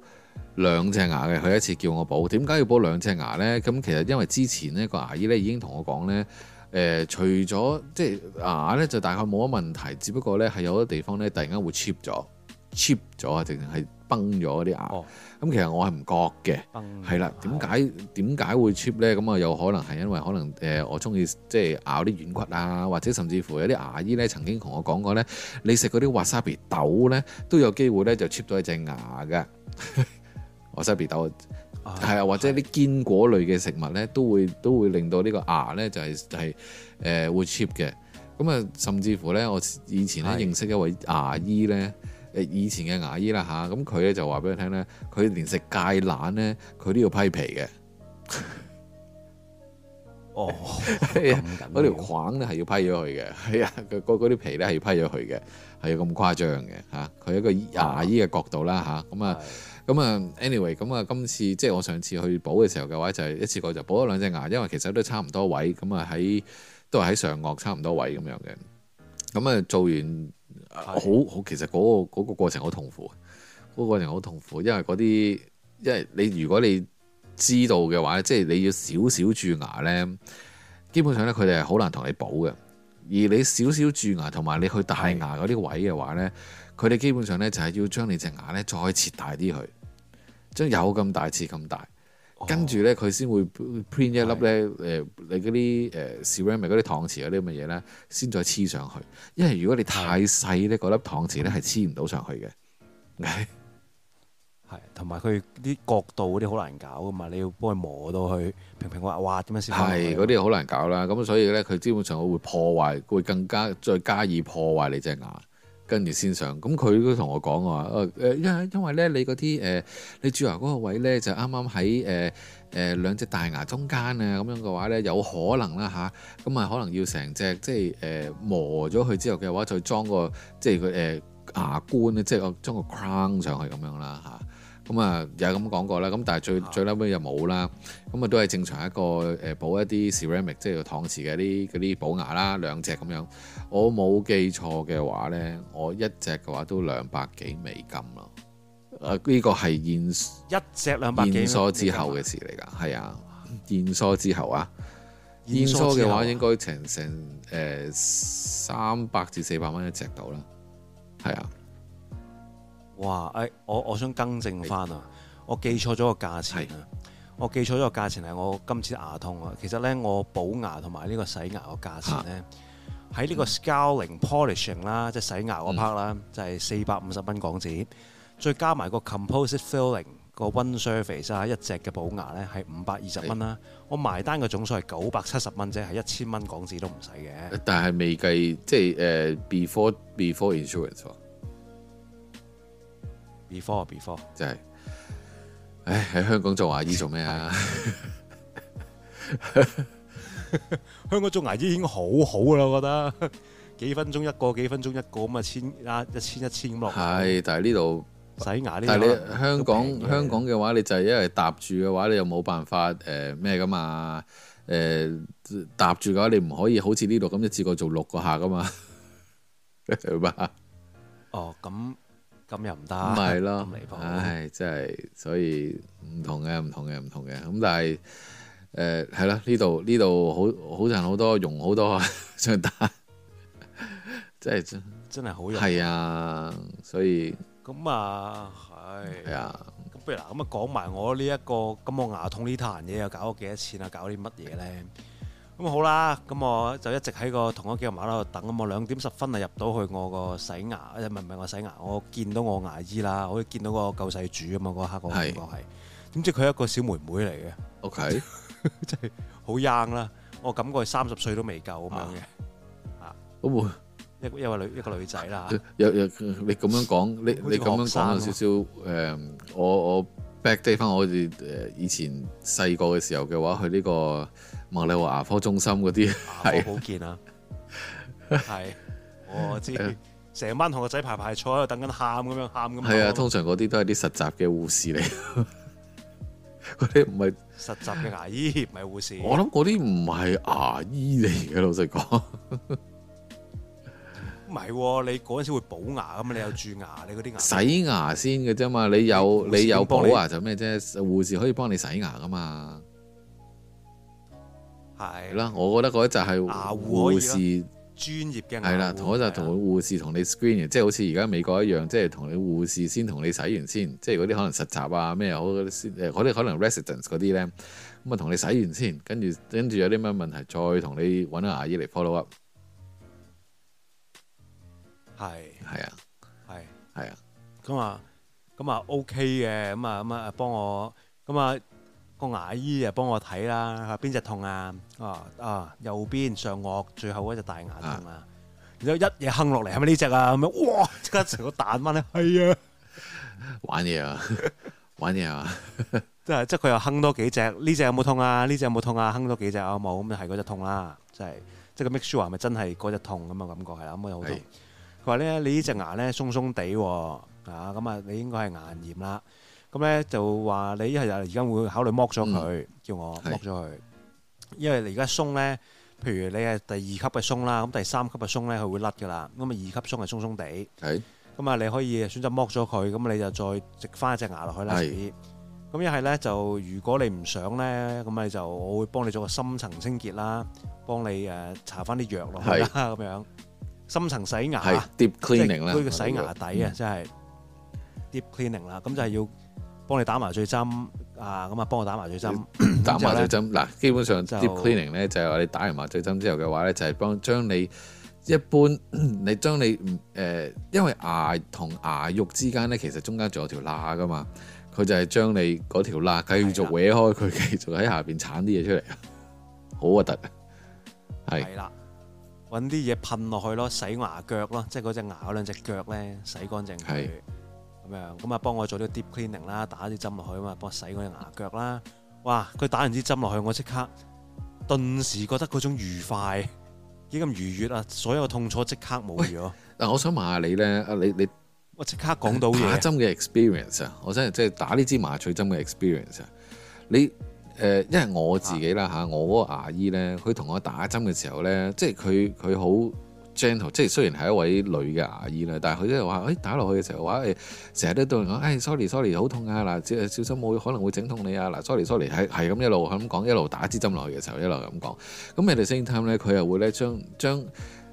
[SPEAKER 2] 兩隻牙嘅，佢一次叫我補。點解要補兩隻牙呢？咁其實因為之前呢個牙醫呢已經同我講呢，誒、呃、除咗即係牙呢就大概冇乜問題，只不過呢係有啲地方呢突然間會 cheap 咗。chip 咗啊，直情係崩咗啲牙？咁、哦、其實我係唔覺嘅，係啦的了。點解點解會 chip 咧？咁啊、嗯，有可能係因為可能誒，我中意即係咬啲軟骨啊，或者甚至乎有啲牙醫咧曾經同我講過咧，你食嗰啲 wasabi 豆咧都有機會咧就 chip 到一隻牙嘅。wasabi 豆係啊，對或者啲堅果類嘅食物咧都會都會令到呢個牙咧就係係誒會 chip 嘅。咁啊，甚至乎咧我以前咧認識一位牙醫咧。嗯以前嘅牙醫啦吓，咁佢咧就話俾你聽咧，佢連食芥蘭咧，佢都要批皮嘅。 哦，嗰 條框咧係要批咗佢嘅，係 啊，佢個嗰啲皮咧係要批咗佢嘅，係咁誇張嘅吓，佢一個牙醫嘅角度啦吓，咁啊，咁啊，anyway，咁啊，的 way, 今次即係我上次去補嘅時候嘅話，就係、是、一次過就補咗兩隻牙，因為其實都差唔多位，咁啊喺都係喺上顎差唔多位咁樣嘅，咁啊做完。好好，其實嗰、嗰個嗰、嗰個、過程好痛苦，嗰、嗰個過程好痛苦，因為嗰啲，因為你如果你知道嘅話，即係、即係、你要少少蛀牙呢，基本上呢，佢哋係好難同你補嘅。而你少少蛀牙同埋你去大牙嗰啲位嘅話呢，佢哋基本上呢，就係、係、要將你隻牙呢，再切大啲去，將有咁大切咁大。跟住咧，佢先會 print 一粒咧，誒的，你嗰啲誒 ceramic 嗰啲搪瓷嗰啲咁嘅嘢咧，先再黐上去。因為如果你太細咧，嗰粒搪瓷咧係黐唔到上去嘅。
[SPEAKER 1] 係，同埋佢啲角度嗰啲好難搞噶嘛，你要幫佢磨到佢平平滑滑點樣先。係，嗰啲好難搞啦。咁所以咧，佢基本上會破壞，會
[SPEAKER 2] 更加再加以破壞你隻牙。跟住先上，咁佢都同我講話，誒、啊、誒，因因為咧，你嗰啲誒，你蛀牙嗰個位咧，就啱啱喺誒誒兩隻大牙中間啊，咁樣嘅話咧，有可能啦吓，咁啊可能要成隻即係誒磨咗佢之後嘅話，再裝個即係個誒牙冠咧，即係我裝個 crown 上去咁樣啦吓。啊咁啊、嗯，又咁講過啦，咁但係最、啊、最嬲尾又冇啦，咁啊、嗯、都係正常一個誒、呃、補一啲 ceramic 即係搪瓷嘅啲啲補牙啦，兩隻咁樣。我冇記錯嘅話咧，我一隻嘅話都兩百幾美金咯。誒、啊、呢、這個係現
[SPEAKER 1] 一隻兩百幾。燕梳之後嘅事嚟
[SPEAKER 2] 㗎，係、嗯、啊，燕梳之後啊，燕梳嘅、啊、話應該成成誒
[SPEAKER 1] 三百至四百蚊一隻度
[SPEAKER 2] 啦，係啊、嗯。嗯嗯
[SPEAKER 1] 哇！誒、哎，我我想更正翻啊，是我記錯咗個價錢啊，是我記錯咗個價錢係我今次牙痛啊。其實咧，我補牙同埋呢個洗牙價呢哈個價錢咧，喺呢個 scaling polishing 啦，即係洗牙嗰 part 啦，嗯、就係四百五十蚊港紙，再加埋個 composite filling 個 one surface 啊，一隻嘅補牙咧係五百二十蚊啦。我埋單嘅總數係九百七十蚊啫，係一千蚊港紙都唔使嘅。
[SPEAKER 2] 但係未計即係誒、uh, before before insurance。
[SPEAKER 1] before 啊，before 真係、就是，唉，喺香港做牙醫做咩啊？ 香港做牙醫已經好好啦，我覺得，幾分鐘一個，幾分鐘一個咁啊，千啊，一千一千咁落。
[SPEAKER 2] 係，但係呢度
[SPEAKER 1] 洗牙呢？但係你
[SPEAKER 2] 香港香港嘅話，你就係因為搭住嘅話，你又冇辦法誒咩噶嘛？誒、呃，搭住嘅話，你唔可以好似呢度咁一次過做六個下噶嘛？係 嘛吧？
[SPEAKER 1] 哦，咁。咁又唔得，唔係咯，
[SPEAKER 2] 唉，真係，所以唔同嘅，唔同嘅，唔同嘅，咁但係誒係咯，呢度呢度好好多人好多，用好多， 真係
[SPEAKER 1] 是真真係
[SPEAKER 2] 好用，係啊，所以
[SPEAKER 1] 咁啊係係啊，咁不如嗱、這個，咁啊講埋我呢一個咁我牙痛壇呢壇嘢又搞咗幾多錢啊，搞啲乜嘢咧？咁好啦，咁我就一直喺個同嗰幾個馬騮度等，咁我兩點十分啊入到去我個洗牙，誒唔係我洗牙，我見到我牙醫啦，我見到個救世主啊嘛，嗰刻我感覺係，點知佢係一個小妹妹嚟嘅，O K，即係好 young 啦，我感覺佢三十歲都未夠咁樣嘅，啊，都會、啊，一個 一個女一個女仔啦，有有你咁樣講，你你咁樣講啊少
[SPEAKER 2] 少，誒，我我。back day 翻我哋誒以前細個嘅時候嘅話，去呢個麥理華牙科中心嗰啲牙科保健啊，
[SPEAKER 1] 係 我知成、啊、班同學仔排排坐喺度等緊喊咁樣喊咁。係啊，通
[SPEAKER 2] 常嗰啲都係啲實習嘅護士嚟，嗰啲唔係
[SPEAKER 1] 實習嘅牙醫，唔係護士。我諗
[SPEAKER 2] 嗰啲唔係牙醫嚟嘅，老實講。
[SPEAKER 1] 唔係喎，你嗰陣時會補牙噶嘛？你有蛀牙，你嗰啲牙洗
[SPEAKER 2] 牙先嘅啫嘛？你有你有補牙就咩啫？護士可以幫你洗牙噶嘛？係啦的，我覺得嗰啲就係護士、啊、專業嘅。係啦，同我就同護士同你 screen，嘅的，即係好似而家美國一樣，即係同你護士先同你洗完先，即係嗰啲可能實習啊咩啊，嗰啲先啲可能 residence 嗰啲咧，咁啊同你洗完先，跟住跟住有啲咩問題再同你揾牙醫嚟 follow up。
[SPEAKER 1] 係，係是啊，啊，係，係啊，咁啊，咁啊，OK 嘅，咁啊，咁、嗯、啊、嗯，幫我，咁啊，個牙醫啊幫我睇啦，邊隻痛啊？啊邊啊，右邊上顎最後嗰隻大、啊、牙、嗯哎、 痛啊！然之後一嘢哼落嚟，係咪呢隻啊？咁樣，哇！即刻成個蛋掹啊！係啊，玩嘢啊，
[SPEAKER 2] 玩嘢啊！
[SPEAKER 1] 即係即係佢又哼多幾隻，呢隻有冇痛啊？呢隻有冇痛啊？哼多幾隻啊？冇咁，係嗰隻痛啦，即係即係個 make sure 係咪真係嗰隻痛咁啊！感覺係啦，咁又好痛。佢話咧：你呢隻牙咧鬆鬆地喎，啊咁啊，你應該係牙炎啦。咁咧就話你一係而家會考慮剝咗佢，叫我剝咗佢，因為你而家鬆咧，譬如你係第二級嘅鬆啦，咁第三級嘅鬆咧佢會甩㗎啦，咁啊二級鬆係鬆鬆地，咁啊你可以選擇剝咗佢，咁你就再植翻一隻牙落去啦。咁一係咧就如果你唔想咧，咁你就我會幫你做個深層清潔啦，幫你誒搽翻啲藥落去啦咁樣。深層洗牙，cleaning，即係佢嘅洗牙底啊！即係 deep cleaning 啦。咁就係要幫你打麻醉針、嗯、啊。咁啊，幫我打麻醉針， 打麻醉針
[SPEAKER 2] 嗱。基本上就 deep cleaning 咧就係我哋打完麻醉針之後嘅話咧，就係幫將你一般你將你誒、呃，因為牙同牙肉之間咧，其實中間仲有條罅噶嘛。佢就係將你嗰條罅繼續歪開，佢繼的續喺下邊鏟啲嘢出嚟，好核突啊！係。的
[SPEAKER 1] 揾啲嘢噴落去咯，洗牙腳咯，即係嗰隻牙嗰兩隻腳咧洗乾淨，係咁樣咁啊幫我做啲 deep cleaning 啦，打啲針落去啊嘛，幫我洗嗰隻牙腳啦。哇！佢打完支針落去，我即刻頓時覺得嗰種愉快幾咁愉悅啊，所有痛楚即刻冇咗。
[SPEAKER 2] 嗱，我想問下你咧，啊你你我即刻講到嘢打針嘅 experience 啊，我真係即係打呢支麻醉針嘅 experience 啊，你。誒，因為我自己啦嚇，我嗰個牙醫咧，佢同我打針嘅時候咧，即係佢佢好 gentle，man，即係雖然係一位女嘅牙醫咧，但係佢即係話，誒、欸、打落去嘅時候話誒，成、欸、日都對人講，誒、欸、sorry sorry，好痛啊嗱，小心啲、喔、可能會整痛你啊嗱，sorry sorry，係係咁一路咁講，一路打一支針落去嘅時候一路咁講，咁人哋 same time 咧，佢又會咧將將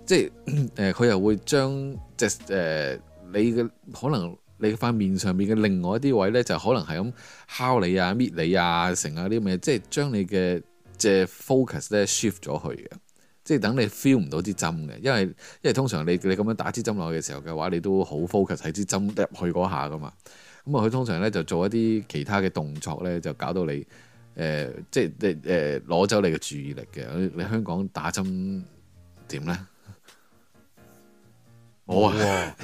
[SPEAKER 2] 即係誒，佢又會將、將即係誒、呃呃、你嘅可能。你塊面上面嘅另外一啲位咧，就可能係咁敲你啊、搣你啊、成啊啲咁嘅，即係將你嘅即係 focus 咧 shift 咗去嘅，即係等你 feel 唔到支針嘅，因為因為通常你你咁樣打支針落去嘅時候嘅話，你都好 focus 喺支針入去嗰下噶嘛，咁啊佢通常咧就做一啲其他嘅動作咧，就搞到你誒、呃、即係誒攞走你嘅注意力嘅。你香港打針點咧？
[SPEAKER 1] 我佢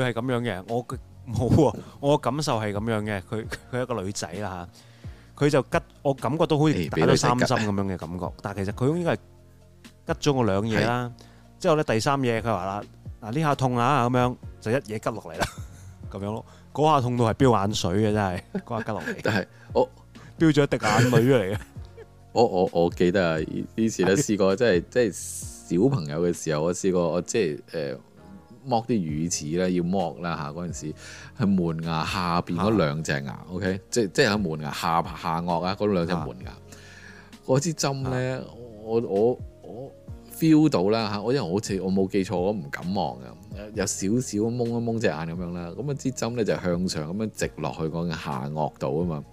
[SPEAKER 1] 係咁樣嘅，我嘅。冇喎，我感受係咁樣嘅，佢佢係一個女仔啦嚇，佢就吉，我感覺到好似打咗三針咁樣嘅感覺，但係其實佢應該係吉咗我兩嘢啦。是之後咧第三嘢，佢話啦，嗱呢下痛啊咁樣，就一嘢吉落嚟啦，咁樣咯。嗰下痛到係飆眼水嘅真係，嗰下吉落嚟。 但係我飆咗滴眼淚嚟嘅。
[SPEAKER 2] 我我我記得啊，以前咧試過，即係即係小朋友嘅時候，我試過我即係誒。呃剝啲乳齒啦，要剝啦嚇！嗰、啊、陣時係門牙下邊嗰兩隻牙、啊，OK，即即喺門牙下下顎啊，嗰兩隻門牙。嗰、啊、支針咧，我我我我 feel 到啦嚇！我因為好似我冇、啊、記錯，我唔敢望啊，有少少蒙一蒙隻眼咁樣啦。咁啊支針咧就向上咁樣直落去嗰個下顎度啊嘛。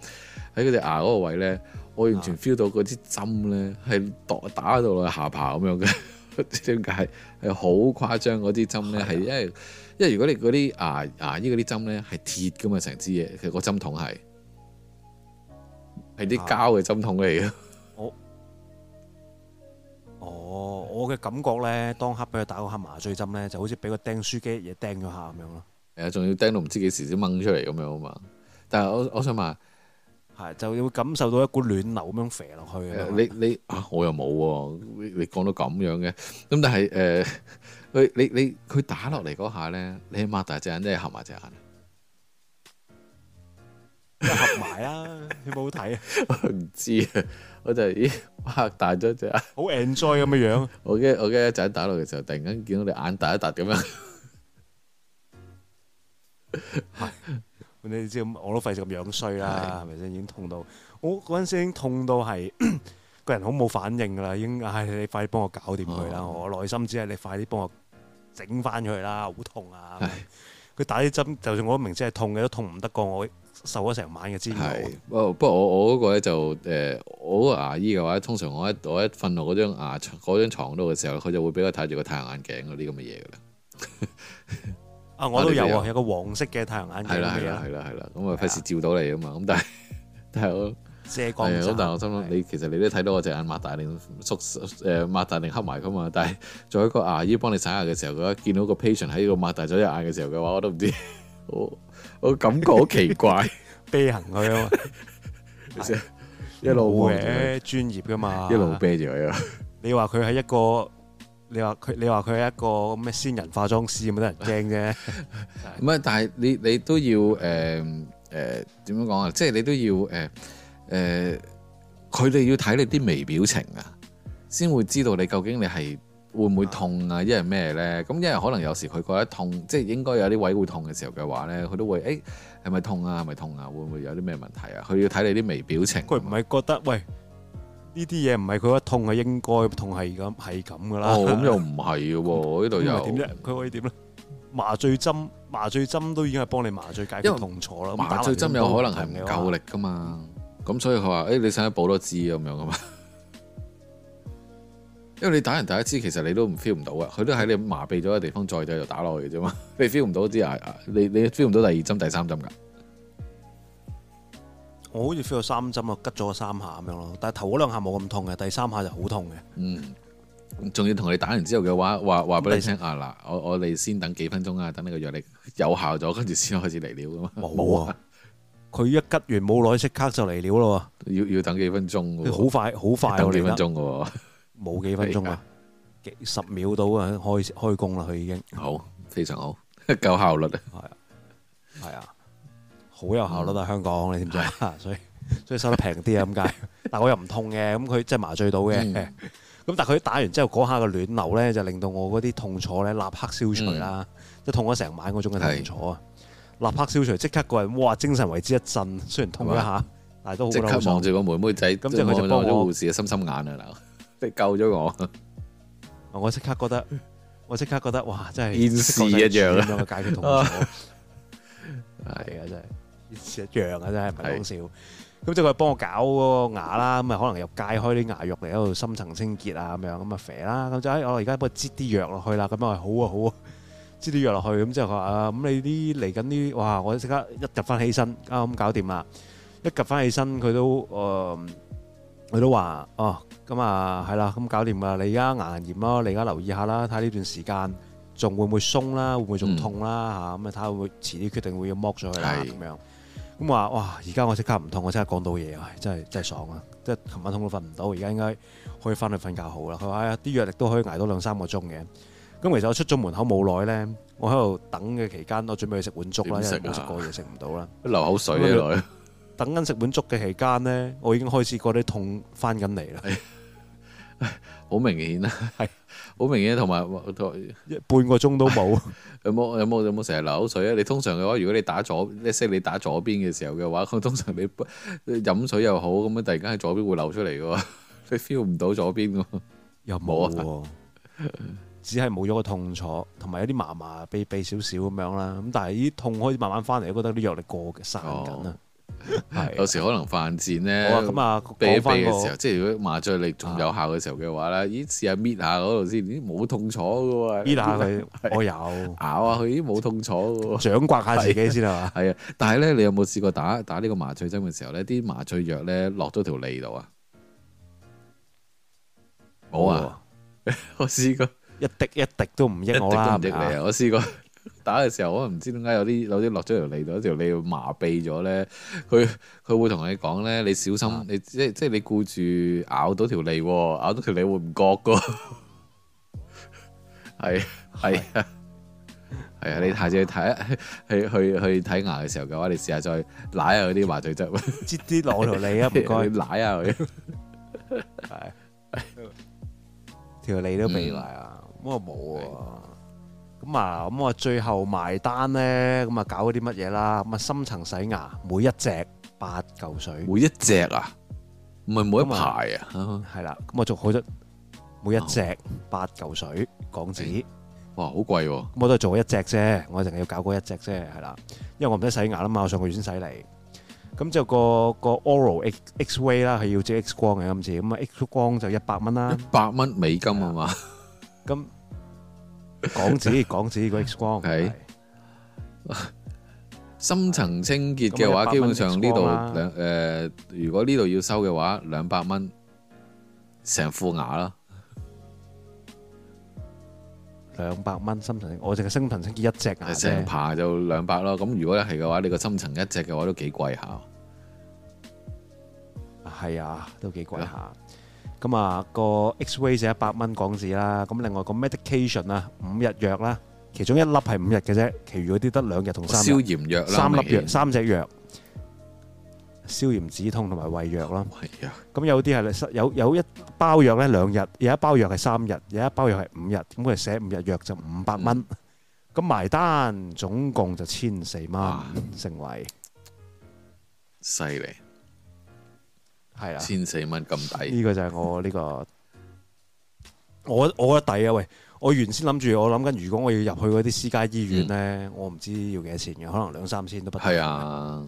[SPEAKER 2] 喺嗰隻牙嗰個位咧，我完全 feel 到嗰支針咧係打、啊啊啊、打喺度下巴咁樣嘅。啊啊啊點解係好誇張？嗰啲針咧係因為，啊、因為如果你嗰啲牙牙醫嗰啲針咧係鐵噶嘛，成支嘢，其、啊、實、這個針筒係係啲膠嘅針筒嚟嘅。
[SPEAKER 1] 我，哦，我嘅感覺咧，當刻俾佢打個下麻醉針咧，就好似俾個釘書機嘢釘咗下咁樣咯。誒，仲要釘到唔知幾時先掹出嚟咁樣啊嘛？但係我我想問。係，就會感受到一股暖流咁樣射落去。你
[SPEAKER 2] 你啊，我又冇，你講到咁樣嘅。咁但係，誒，佢你你佢打落嚟嗰下咧，你起擘大隻眼定係合埋隻眼？合
[SPEAKER 1] 埋啊！你冇睇、呃、啊？我唔
[SPEAKER 2] 知啊，我就咦、啊，擘大咗隻，好 enjoy 咁嘅樣。我驚我驚一陣打落嘅時候，突然間見到你眼大一笪咁樣。係。
[SPEAKER 1] 你知我都費事咁樣衰啦，係咪先？已經痛到我嗰陣時已經痛到係 個人好冇反應噶啦，已經唉、哎！你快啲幫我搞掂佢啦！哦、我內心只係你快啲幫我整翻佢啦，好痛啊！佢的的打啲針，就算我明知係痛嘅，都痛唔得過我受咗成晚嘅煎熬。
[SPEAKER 2] 不過我我嗰個咧就誒，我，個，、呃、我個牙醫嘅話，通常我一我一瞓落嗰張牙嗰張牀度嘅時候，佢就會俾我睇住個太陽眼鏡嗰啲咁
[SPEAKER 1] 嘅嘢噶啦。 啊！我都有啊，有個黃色嘅太陽眼鏡。係啦，係啦，係啦，係啦，
[SPEAKER 2] 咁啊費事照到你啊嘛。咁但係，但係我射光。係啊，咁但係我心諗，你其實你都睇到我隻眼擘大，定縮誒擘大，定黑埋噶嘛。但係，做一個牙醫幫你洗牙嘅時候，佢一見到個 patient 喺度擘大咗隻眼嘅時候嘅話，我都唔知，我感覺好奇怪，
[SPEAKER 1] 啤行
[SPEAKER 2] 佢啊！一路嘅
[SPEAKER 1] 專業噶嘛，一路啤住佢啊！你話佢係一個？你話佢，你話佢係一個咩先人化妝師有冇得人驚啫？
[SPEAKER 2] 唔係， 但係你你都要誒誒點樣講啊？即係你都要誒誒，佢、呃、哋、呃、要睇你啲微表情啊，先會知道你究竟你係會唔會痛啊？因為咩咧？咁因為可能有時佢覺得痛，即係應該有啲位會痛嘅時候嘅話咧，佢都會誒係咪痛啊？係咪痛啊？會唔會有啲咩問題啊？佢要睇你啲微表情，佢唔係覺得喂。
[SPEAKER 1] 呢啲嘢唔係佢一痛係應該痛係咁係咁噶啦。哦，咁又唔係喎， 那呢度又點啫？佢可以點咧？麻醉針麻醉針都已經係幫你麻醉解決痛楚啦。因為麻醉針有可能係唔夠
[SPEAKER 2] 力噶嘛？咁吧所以佢話：，誒、欸、你想補多支咁樣噶嘛？因為你打人第一支其實你都唔 feel 唔到嘅，佢都喺你麻痺咗嘅地方再繼續打落去嘅啫嘛。你 feel 唔到嗰支牙，你你 feel 唔到第二針、第三針㗎。
[SPEAKER 1] 我好似 feel 咗三針啊，拮咗三下咁樣咯，但係頭兩下冇咁痛嘅，第三下就好痛嘅。嗯，
[SPEAKER 2] 仲要同你打完之後嘅話，話話俾你聽啊嗱，我我哋先等幾分鐘啊，等呢個藥力有效咗，跟住先開始嚟料噶嘛。冇啊，
[SPEAKER 1] 佢一拮完冇耐，即刻就嚟料咯。要要等幾分鐘，好快好快咯，等幾分鐘噶，冇幾分鐘啊，幾十秒到啊，開開工啦，佢已經好，非常好，夠效率啊，係啊，係啊。好有效率咯，都喺香港，你知唔知啊？所以所以收得平啲啊，咁解。但我又唔痛嘅，咁佢即係麻醉到嘅。咁但係佢打完之後嗰下個暖流咧，就令到我嗰啲痛楚咧立刻消除啦。即痛咗成晚嗰種嘅痛楚啊，立刻消除，即刻個人哇，精神為之一振。雖然痛一下，但係都好。即刻望住
[SPEAKER 2] 個妹妹仔，即係做咗護士嘅心心眼啊，即係救咗我。
[SPEAKER 1] 我即刻覺得，我即刻覺得哇，真係電視一樣咁樣解決痛楚，係啊，真係。似一樣真係，唔係講笑。咁即係佢幫我搞嗰個牙啦，咁啊可能又戒開啲牙肉嚟喺度深層清潔啊，咁樣咁啊肥啦，咁就喺我而家幫佢擠啲藥落去啦。咁啊好啊好啊，擠啲藥落去。咁之後佢話啊，咁、嗯、你啲嚟緊啲，哇！我即刻一夾翻起身，啊咁搞掂啦！一夾翻起身佢都誒，佢、呃、都話哦，咁啊係啦，咁、啊啊、搞掂噶。你而家牙炎咯，你而家留意下啦，睇下呢段時間仲會唔會鬆啦，會唔會仲痛啦嚇？咁、嗯、啊睇下會，會遲啲決定會要剝咗佢啦，咁是樣。咁話哇！而家我即刻唔痛，我真係講到嘢啊！真係真係爽啊！即係琴晚痛到瞓唔到，而家應該可以翻去瞓覺好啦。佢話：哎，啲藥力都可以挨到兩三個鐘嘅。咁其實我出咗門口冇耐咧，我喺度等嘅期間，我準備去食碗粥啦，啊、因為冇食過嘢食唔到啦，流口水啊！等緊食碗粥嘅期間咧，我已經開始嗰啲痛翻緊嚟啦，
[SPEAKER 2] 好明顯啦，係。好明顯，同埋同一
[SPEAKER 1] 半個鐘都冇，
[SPEAKER 2] 有冇有冇有冇成日流口水啊？你通常嘅話，如果你打左，即係你打左邊嘅時候嘅話，佢通常你飲水又好，咁樣突然間喺左邊會流出嚟嘅喎， 你 feel 唔到左邊喎，又冇啊，
[SPEAKER 1] 只係冇咗個痛楚，同埋有啲麻麻痹痹少少咁樣啦，咁但係呢啲痛開始慢慢翻嚟，覺得啲藥力過嘅散緊啊。哦
[SPEAKER 2] 有時可能犯賤咧，咁啊，避一避嘅時候，即係如果麻醉力仲有效嘅時候嘅話咧，咦，試下搣下嗰度先，咦，冇痛楚嘅喎，搣下佢，我有咬下佢，咦，冇痛楚嘅，掌摑下自己先係嘛？係啊，但係咧，你有冇試過打打呢個麻醉針嘅時候咧？啲麻醉藥咧落咗條脷度啊？
[SPEAKER 1] 冇啊，
[SPEAKER 2] 我試過一滴一滴都唔益我啦，唔益你，我試過。打嘅時候，我唔知點解有啲有啲落咗條脷度，一條脷麻痹咗咧。佢佢會同你講咧，你小心，你即即你顧住咬到條脷喎，咬到條脷會唔覺㗎。係係啊，係啊，你下次去睇去去去睇牙嘅時候嘅話，你試下再舐下嗰啲麻醉劑。折啲落條脷啊，過去舐下佢，
[SPEAKER 1] 條脷都未嚟啊！我冇啊。咁啊，咁我最後埋單咧，咁啊搞嗰啲乜嘢啦？咁啊，深層洗牙，每一隻八嚿水，每一隻啊，唔係每一排啊，係啦，咁我做好咗每一隻八嚿水港紙，哇，好貴喎！咁我都係做一隻啫，我一定要搞嗰一隻啫，係啦，因為我唔使洗牙啊嘛，我上個月先洗嚟，咁就個個 oral X-ray 啦，係要照 X 光嘅今次，咁啊 X 光就一百蚊啦，一百蚊美金啊嘛，咁。港紙港紙個 X 光。q u 是是 深層清潔嘅話，啊、基本上呢度兩
[SPEAKER 2] 誒，如果呢度要收嘅話，兩百蚊成副牙啦，兩百蚊
[SPEAKER 1] 深層清潔，我淨係深層清潔一
[SPEAKER 2] 隻，啊。成排就兩百咯。咁如果係嘅話，你、這個深層一隻嘅
[SPEAKER 1] 話都幾貴下，係啊，都幾貴下。咁啊，個 X-ray 就一百蚊港紙啦。咁另外個 medication 啦，五日藥啦，其中一粒係五日嘅啫，其餘嗰啲得兩日同三日，消炎藥，三粒藥三隻藥，消炎止痛同埋胃藥咯。胃藥。咁有啲係有有一包藥咧兩日，有一包藥係三日，有一包藥係五日。咁佢寫五日藥就五百蚊。咁埋單總共就千四蚊，成為犀利。係啊，千四蚊，咁抵，呢個就係我呢、呢個，我我覺得抵啊！喂，我原先諗住，我諗緊，如果我要入去嗰啲私家醫院咧，嗯、我唔知要幾多錢嘅，可能兩三千都不止。係啊，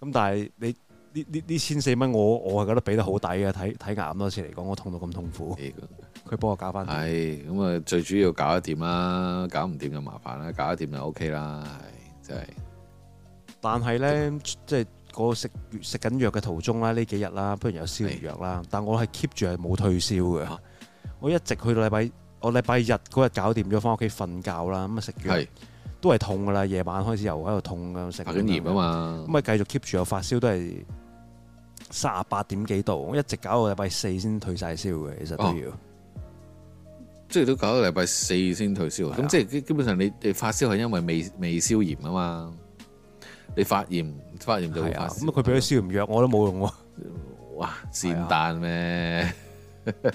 [SPEAKER 1] 咁但係你呢呢千四蚊，我我係覺得俾得好抵啊。睇睇牙咁多次嚟講，我痛到咁痛苦，佢幫我搞翻。係，
[SPEAKER 2] 咁啊，最主要搞得掂啦，搞
[SPEAKER 1] 唔掂就麻煩啦，搞得掂就 O K 啦，係真係。但係咧，行即係。食食緊藥嘅途中啦，呢幾日啦，不如有消炎藥啦。是但我係 keep 住係冇退燒嘅，啊、我一直去到禮拜，我禮拜日嗰日搞掂咗，翻屋企瞓覺啦，咁啊食藥是都係痛噶啦，夜晚開始又喺度痛嘅，食緊炎啊嘛，咁啊繼續 keep 住有發燒，都係三十八點幾度，我一直搞到禮拜四先退晒燒嘅，其實都要，
[SPEAKER 2] 哦、即係都搞到禮拜四先退燒，咁的即係基本上你發燒係因為未未消炎啊嘛。你發炎發
[SPEAKER 1] 炎就會發炎，咁佢俾啲消炎藥我都冇用喎，哇善蛋咩？啊、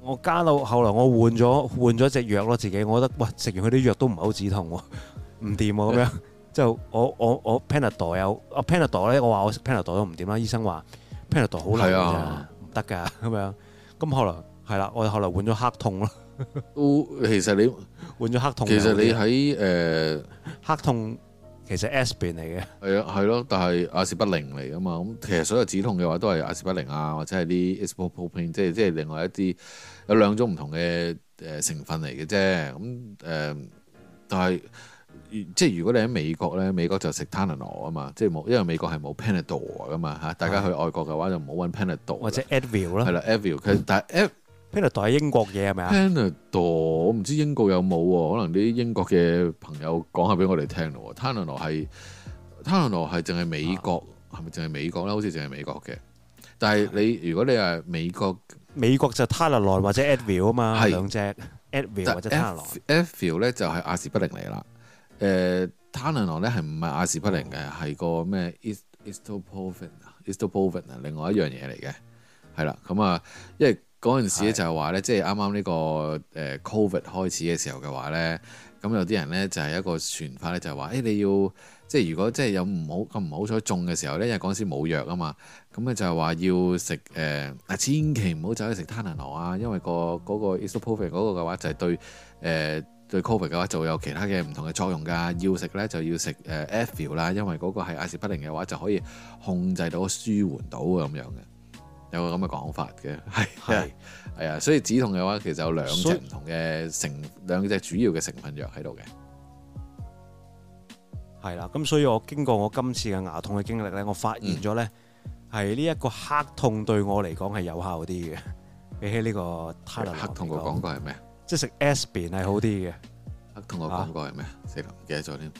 [SPEAKER 1] 我加到後來我換咗換咗隻藥咯，自己我覺得嘩，食完佢啲藥都唔係好止痛，唔掂咁樣， 就我我我 panadol 有 ，panadol 咧我話我 panadol 都唔掂啦，醫生話 panadol 好難㗎，唔得㗎咁樣，咁後來係啦，我後來換咗黑痛啦，都 其實你 換咗黑痛，其實你喺誒黑痛。其實 aspirin 嚟嘅，係啊，係
[SPEAKER 2] 咯，但係阿士匹靈嚟噶嘛，咁其實所有止痛嘅話都係阿士匹靈啊，或者係啲 ibuprofen 即係即係另外一啲有兩種唔同嘅誒成分嚟嘅啫，咁、嗯、誒，但係即係如果你喺美國咧，美國就食 Tylenol 啊嘛，即係冇，因為美國係冇 panadol 啊嘛嚇，大家去外國嘅話就唔好揾 panadol，或者 Advil 啦，係啦 Advil 佢但係 Panadol 喺英國嘢係咪啊？Panadol 我唔知英國有冇喎，可能啲英國嘅朋友講下俾我哋聽咯。Tylenol 係 Tylenol 係淨係美國係咪？淨係、啊、美國啦，好似淨係美國嘅。但係你如果你係美國，美國就 Tylenol 或者 Advil 啊嘛，是兩隻 Advil 或者 Tylenol Advil 咧就係亞士不靈嚟啦。誒、呃、，Tylenol 咧係唔係亞士不靈嘅？係、哦、個咩？Is、e、Ibuprofen 啊 Ibuprofen 啊，另外一樣嘢嚟嘅係啦。咁啊、嗯，因為,因為嗰陣時咧就係話咧，是即係啱啱呢個誒 c o v i d 開始嘅時候嘅話咧，咁有啲人咧就係、是、一個傳法咧，就係話，誒你要即係如果即係有唔好咁唔好彩中嘅時候咧，因為嗰陣時冇藥啊嘛，咁啊就係話要食誒，啊、呃、千祈唔好走去食 t a n 坦能羅啊，因為、那個嗰、那個 iso p o v i t 嗰個嘅話就係對誒、呃、對 c o v i d 嘅話就有其他嘅唔同嘅作用㗎，要食咧就要食誒 e f f i l 啦，呃 mm hmm. 因為嗰個係亞士匹靈嘅話就可以控制到舒緩到咁樣嘅。有個咁嘅講法嘅，係係係啊，所以止痛嘅話，其實有兩隻唔同嘅成兩隻主要嘅
[SPEAKER 1] 成分藥喺度嘅，係啦。咁所以我經過我今次嘅牙痛嘅經歷咧，我發現咗咧係呢一個黑痛對我嚟講係有效啲嘅，比起呢個泰諾，黑痛個廣告係咩？即係食 aspirin 係好啲嘅。
[SPEAKER 2] 黑痛個廣告係咩？死啦，唔記得咗添。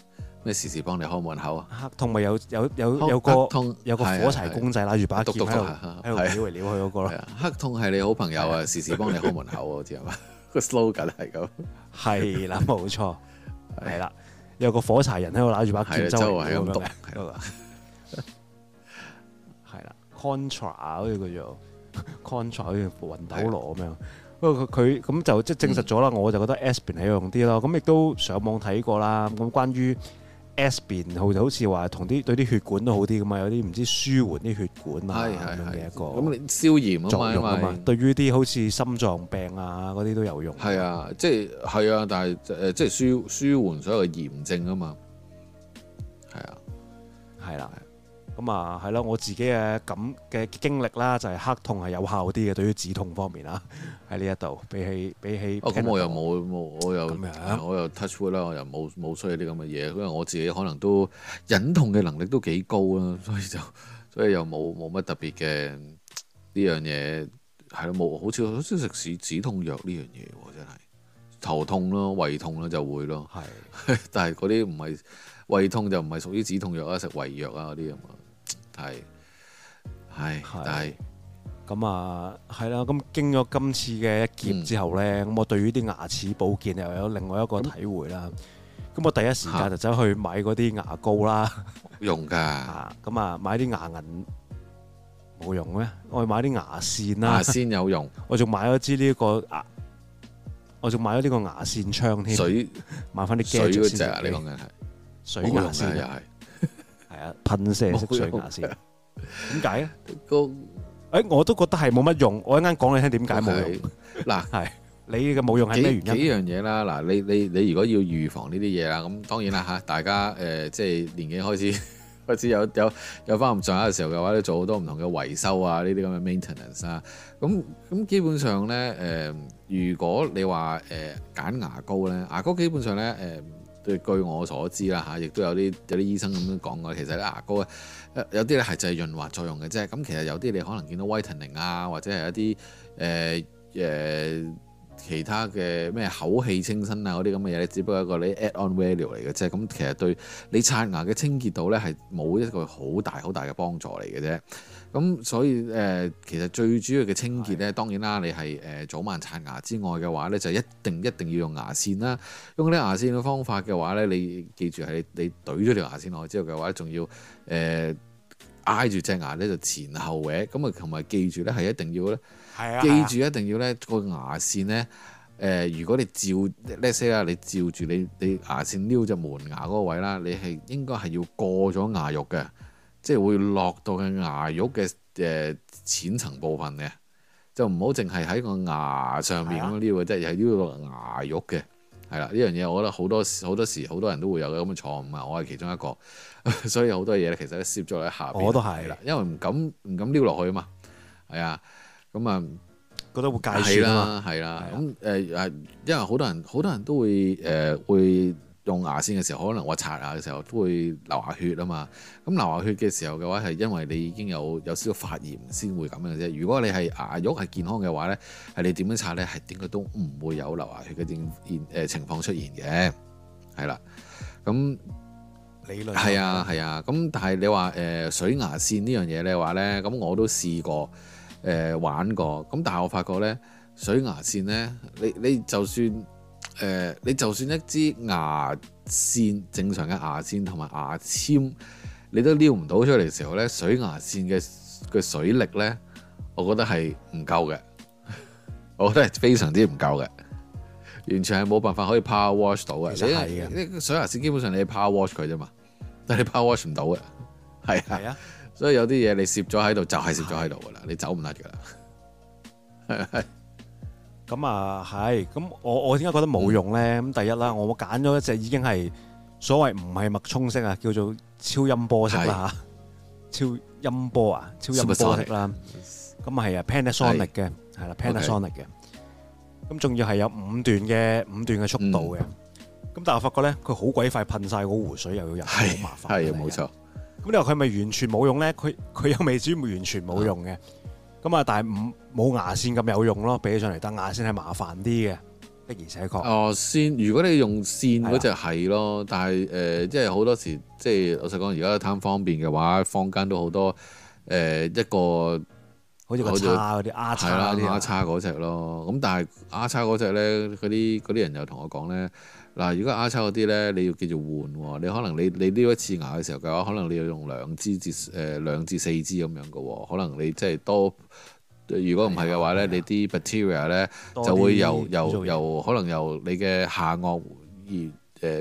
[SPEAKER 2] 咩時時幫你開門口
[SPEAKER 1] 啊？黑痛咪有有有有個通有個火柴公仔拉住把劍喺度喺度撩
[SPEAKER 2] 嚟撩去嗰個咯。黑痛係你好朋友啊，時時幫你開門口，好似係嘛？個 slogan 係咁，係啦，
[SPEAKER 1] 冇錯係啦，有個火柴人喺度拉住把劍周圍咁樣係啦。contra 好似叫做 contra 好似魂斗羅咁樣。不過佢佢咁就即係證實咗啦。我就覺得 aspen 係有用啲咯。咁亦都上網睇過啦。咁關於 S 邊好就好似話同啲對啲血管都好啲噶嘛，有啲唔知舒緩啲血管啊咁樣嘅一個咁你消炎作用啊嘛，對於啲好似心臟病啊嗰啲都有用。係啊，
[SPEAKER 2] 即係係啊，但係誒即係舒舒緩所有嘅炎症啊嘛，
[SPEAKER 1] 係啊，係啦、啊。咁啊，係咯、嗯，我自己嘅咁嘅經歷啦，就係黑痛係有效啲嘅，對於止痛方面啦，喺呢一度比起比起，咁、啊、我又冇冇，我又樣我, food,
[SPEAKER 2] 我又 t o u c h f 啦，我又冇冇需要啲咁嘅嘢，因為我自己可能都忍痛嘅能力都幾高啊，所以就所以又冇冇乜特別嘅呢、嗯、樣嘢，係咯冇，好似我好少食止止痛藥呢樣嘢喎，真係頭痛咯，胃痛咯就會咯，係是， 但係嗰啲唔係胃痛就唔係屬於止痛藥啊，食胃藥啊
[SPEAKER 1] 嗰啲啊係係係，咁、嗯、啊，係、嗯、啦，咁經過今次嘅一劫之後咧，咁我對於啲牙齒保健又有另外一個體會啦。咁、嗯、我第一時間就走去買嗰啲牙膏啦，用噶。咁啊，嗯的 嗯、買啲牙銀冇用咩？我去買啲牙線啦，牙線有用。 我仲買咗支呢個牙，我仲買咗呢個牙線槍添。水，買翻啲水嗰的你講嘅係水牙線係啊，噴射式水牙線，點解啊？那個誒、欸，我都覺得係冇乜用。我一陣講你聽點解冇用嗱，係 你嘅冇用係咩原因？幾，幾
[SPEAKER 2] 樣嘢啦，嗱，你你你如果要預防呢啲嘢啦，咁當然啦吓，大家誒、呃，即係年紀開始開始有有有翻唔上牙嘅時候嘅話，你做好多唔同嘅維修啊，呢啲咁嘅 maintenance 啊，咁咁基本上咧，誒、呃，如果你話誒揀牙膏咧，牙膏基本上咧，誒、呃。對，據我所知啦嚇，亦都有啲有啲醫生咁樣講過。其實啲牙膏啊，有啲咧係就係潤滑作用嘅啫。咁其實有啲你可能見到 Whitening 啊，或者係一啲誒誒其他嘅咩口氣清新啊嗰啲咁嘅嘢咧，只不過係一個你 add-on value 嚟嘅啫。咁其實對你刷牙嘅清潔度咧係冇一個好大好大嘅幫助嚟嘅啫。咁、嗯、所以誒、呃，其實最主要嘅清潔咧，是的 當然啦，你係誒、呃、早晚刷牙之外嘅話咧，就一定一定要用牙線啦。用啲牙線嘅方法嘅話咧，你記住係你懟咗條牙線落去之後嘅話，仲要誒挨、呃、住隻牙咧就前後嘅。咁啊同埋記住咧，係一定要咧，的記住一定要咧個牙線咧誒、呃，如果你照呢些啊，你照住你你牙線撩隻門牙嗰位啦，你係應該係要過咗牙肉嘅。即係會落到嘅牙肉嘅誒淺層部分嘅，就唔好淨係喺個牙上面咁樣撩嘅啫，係撩落牙肉嘅，係啦。呢樣嘢我覺得好多好多時好多人都會有咁嘅錯誤啊，我係其中一個， 所以好多嘢其實咧都攝咗喺下邊，我都係。因為唔敢唔敢撩落去啊嘛，係啊，咁啊
[SPEAKER 1] 覺得會介錯啦，係
[SPEAKER 2] 啦，咁誒誒，因為好多人好多人都會誒、呃、會。用牙線嘅時候，可能我刷牙嘅時候都會流牙血啊嘛。咁流牙血嘅時候嘅話，係因為你已經有有少少發炎先會咁樣嘅啫。如果你係牙肉係健康嘅話呢，係你點樣刷呢？係點解都唔會有流牙血嘅情況出現嘅。係啦，咁理論係啊係啊。咁但係你話誒、呃、水牙線呢樣嘢嘅話呢，咁我都試過誒、呃、玩過。咁但係我發覺呢，水牙線呢，你你就算。誒、呃，你就算一支牙線正常嘅牙線同埋牙籤，你都撩唔到出嚟嘅時候咧，水牙線嘅個水力咧，我覺得係唔夠嘅，我覺得係非常之唔夠嘅，完全係冇辦法可以 power wash 到嘅。係啊，啲水牙線基本上你 power wash 佢啫嘛，但你 power wash 唔到嘅，係啊，的 所以有啲嘢你攝咗喺度就係攝咗喺度噶啦，啊、你走唔甩噶啦。
[SPEAKER 1] 咁啊，係咁，我我點解覺得冇用咧？咁第一啦，我我揀咗一隻已經係所謂唔係脈衝式啊，叫做超音波式啦嚇。超音波啊，超音波式啦。咁啊係啊，Panasonic 嘅，係啦，Panasonic 嘅。咁仲要係有五段嘅五段嘅速度嘅。咁但係我發覺咧，佢好鬼快噴曬嗰湖水又要入，好麻煩。係啊，冇錯。咁你話佢咪完全冇用咧？佢佢又未至於完全冇用嘅。咁啊，但係冇冇牙線咁有用咯，比起上嚟，得牙線係麻煩啲嘅，的而且確。
[SPEAKER 2] 哦，線如果你用線嗰隻係咯，啊、但係誒，即係好多時，即係老實講，而家貪方便嘅話，坊間都好多誒、呃、一個，好似個叉嗰
[SPEAKER 1] 啲叉的，係啦，啲叉
[SPEAKER 2] 嗰隻咯。咁但係牙叉嗰隻咧，嗰啲啲人又同我講咧。嗱，如果牙刷嗰啲咧，你要繼續換喎，你可能你你呢一次牙嘅時候嘅話，可能你要用兩支至誒、呃、兩至四支咁樣嘅喎，可能你即係多。如果唔係嘅話咧，啊、你啲 bacteria 咧、啊、就會由、啊、由由，由可能由你嘅下顎而誒、呃、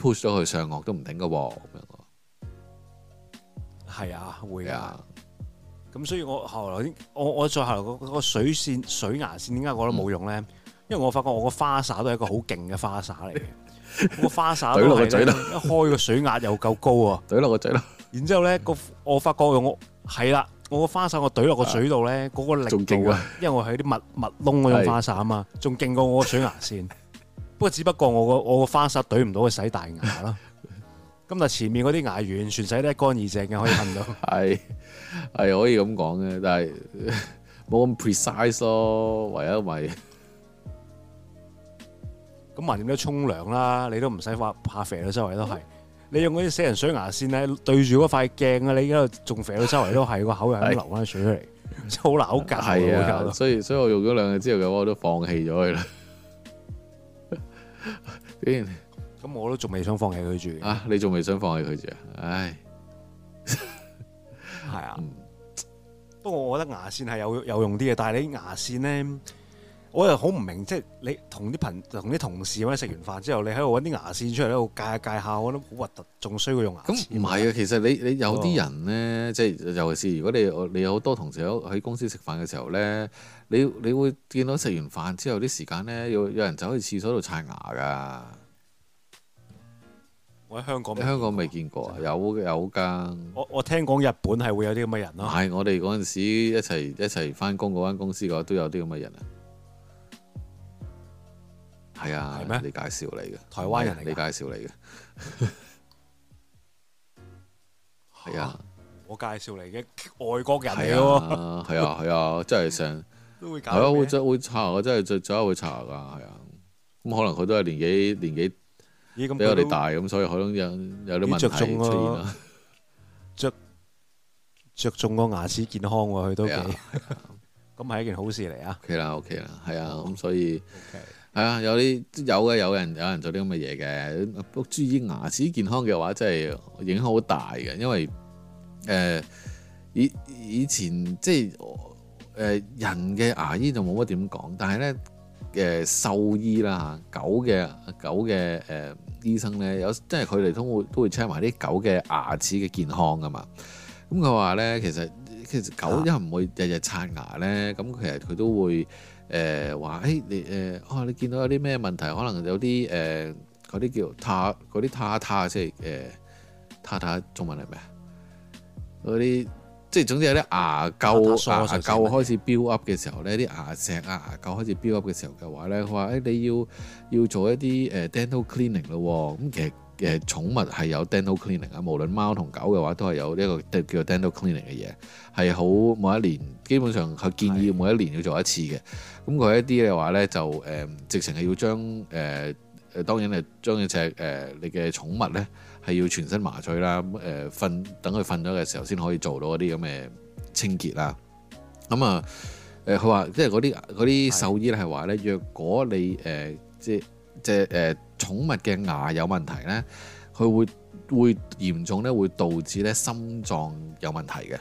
[SPEAKER 2] push 咗去上顎都唔定嘅喎，咁樣咯。
[SPEAKER 1] 係啊，會啊。咁所以我後來，我我再後來、嗰個水線水牙線點解我覺得冇用咧？嗯因為我發覺我個花灑都係一個好勁嘅花灑嚟嘅，我個花灑
[SPEAKER 2] 懟落個嘴度，一
[SPEAKER 1] 開個水壓又夠高啊！懟落個嘴度，然之後咧個我發覺我係啦，我個花灑我懟落個嘴度咧，嗰個力勁啊！因為我係啲密密窿嗰種花灑啊嘛，仲勁過我個水牙線。不過只不過我個我個花灑懟唔到個洗大牙咯。咁啊，前面嗰啲牙完全洗得乾乾淨淨嘅，可以噴到。 係係可以咁講嘅，但係冇咁 precise 咯，唯一咪。咁或者你都沖涼啦，你都唔使怕怕肥到周圍都係。你用嗰啲死人水牙線咧，對住嗰塊鏡啊，你而家仲肥到周圍都係，個口係都流翻水出嚟，好扭假。啊，所以
[SPEAKER 2] 所以我用咗兩日之後嘅話，我都放棄咗佢啦。
[SPEAKER 1] 咁 我都仲未想放棄佢住。啊，你仲未想放棄佢住啊？唉，係 啊。不過、嗯、我覺得牙線係有有用啲嘅，但係你啲牙線咧。我又好唔明，即係你同啲朋同啲同事咁樣食完飯之後，你喺度揾啲牙線出嚟喺度戒下戒下，我覺得好核突，仲衰過用牙線。咁唔
[SPEAKER 2] 係啊，其實你你有啲人咧，Oh. 即係尤其是如果你你有好多同事喺公司食飯嘅時候咧，你你會見到食完飯之後啲時間咧，有有人走去廁所度刷牙噶。
[SPEAKER 1] 我喺香港，香港
[SPEAKER 2] 未見過有有㗎。我我
[SPEAKER 1] 聽講日本係會有啲咁嘅人
[SPEAKER 2] 咯。係，我哋嗰陣時一齊一齊翻工嗰間公司嘅話，都有啲咁嘅人啊。係啊，你介紹你嘅，台灣人嚟嘅，你介紹你嘅，係啊，
[SPEAKER 1] 我介紹你嘅外國人嚟咯，係啊
[SPEAKER 2] 係啊，真係成
[SPEAKER 1] 都會係咯，會
[SPEAKER 2] 真會查，真係最最會查㗎，係啊，咁可能佢都係年紀年紀比我哋大，咁所以可能有有啲問題出現啦，着
[SPEAKER 1] 着重，啊，重個牙齒健康，佢都
[SPEAKER 2] 咁係一件好事嚟啊，OK 啦 OK 啦，係啊，咁所以。 係啊，有啲有嘅，有人有人做啲咁嘅嘢嘅。不注意牙齒健康嘅話，真係影響好大嘅。因為誒以、呃、以前即係誒、呃、人嘅牙醫就冇乜點講，但係咧誒獸醫啦，狗嘅狗嘅誒、呃、醫生咧，有即係佢哋都會都會 check 埋啲狗嘅牙齒嘅健康㗎嘛。咁佢話咧，其實其實狗因為唔會日日刷牙咧，咁其實佢都會。誒話誒你誒哦、呃啊，你見到有啲咩問題？可能有啲誒嗰啲叫塌嗰啲塌塌，即係誒塌塌。中文係咩？嗰啲即係總之有啲牙垢牙垢開始 build up 嘅時候咧，啲、啊、牙、牙石啊牙垢開始 build up 嘅時候嘅話咧，佢話誒你要要做一啲誒、呃、dental cleaning 咯、喔。咁其實誒、呃、寵物係有 dental cleaning 啊，無論貓同狗嘅話都係有呢個叫做 dental cleaning 嘅嘢，係好每一年基本上，佢建議每一年要做一次嘅的。對 咁佢一啲嘅話咧，就誒、呃、直情係要將誒誒、呃，當然係將一隻誒、呃、你嘅寵物咧，係要全身麻醉啦，誒、呃、瞓等佢瞓咗嘅時候先可以做到嗰啲咁嘅清潔啦。咁啊誒，佢、呃、話即係嗰啲啲獸醫咧係話咧，的若果你誒、呃、即即誒、呃、寵物嘅牙有問題咧，佢會會嚴重咧會導致咧心臟有問題嘅。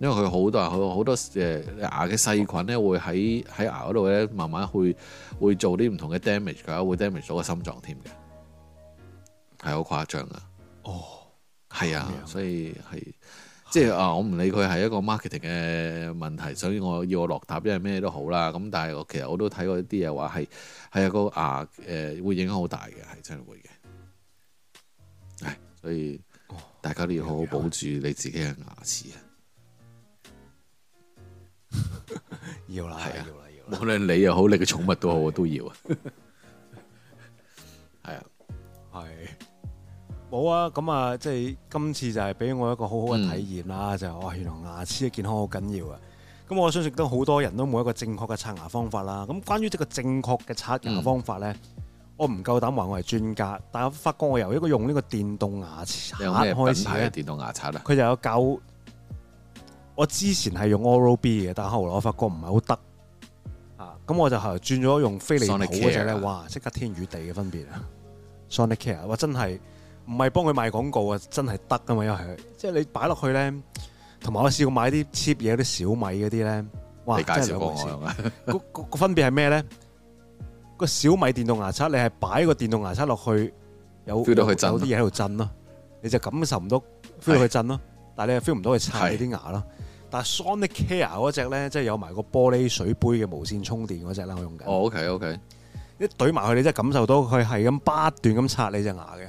[SPEAKER 2] 因為佢好多，佢好多誒牙嘅細菌咧，會喺喺牙嗰度咧，慢慢去會，會做啲唔同嘅 damage 噶，會 damage 到個心臟添嘅，係好誇張啊！哦，係啊，所以係即係啊，我唔理佢係一個 marketing 嘅問題，所以我要我落踏，因為咩都好啦。咁但係我其實我都睇過啲嘢話係係個牙誒、呃、會影響好大嘅，係真係會嘅。係，所以大家都要好好保住你自己嘅牙齒啊！ 要啦了，係啊，要了無論你又好， 你嘅寵物都好， 我都要
[SPEAKER 1] 啊。係啊，係，冇啊。咁啊，即係今次就係俾我一個好好嘅體驗啦。嗯、就哇，原來牙齒嘅健康好緊要啊。咁我相信都好多人都冇一個正確嘅刷牙方法啦。咁關於呢個正確嘅刷牙方法咧，嗯、我唔夠膽話我係專家。但我發覺我由一個用呢個電動牙刷開始嘅，電動牙刷啦，佢就有教。我之前係用 Oral B 嘅，但係後來我發覺唔係好得，啊咁我就後來轉咗用飛利浦嗰隻咧，Sonic 哇即刻天與地嘅分別啊！Sonicare 哇真係唔係幫佢賣廣告啊，真係得啊嘛，因為佢即係、就是、你擺落去咧，同埋我試過買啲 cheap 嘢，啲小米嗰啲咧，哇！你介紹過我，個分別係咩咧？ 個小米電動牙刷你係擺個電動牙刷落去，有到有啲嘢喺度震咯，你就感受唔到 feel 對 到佢震咯，但係你又 feel 唔到佢擦你啲牙咯。但 Sonicare 嗰隻咧，即係有埋個玻璃水杯嘅無線充電嗰隻啦，我用緊。哦，OK OK，一懟埋去，你真係感受到佢係咁不斷咁刷你隻牙嘅，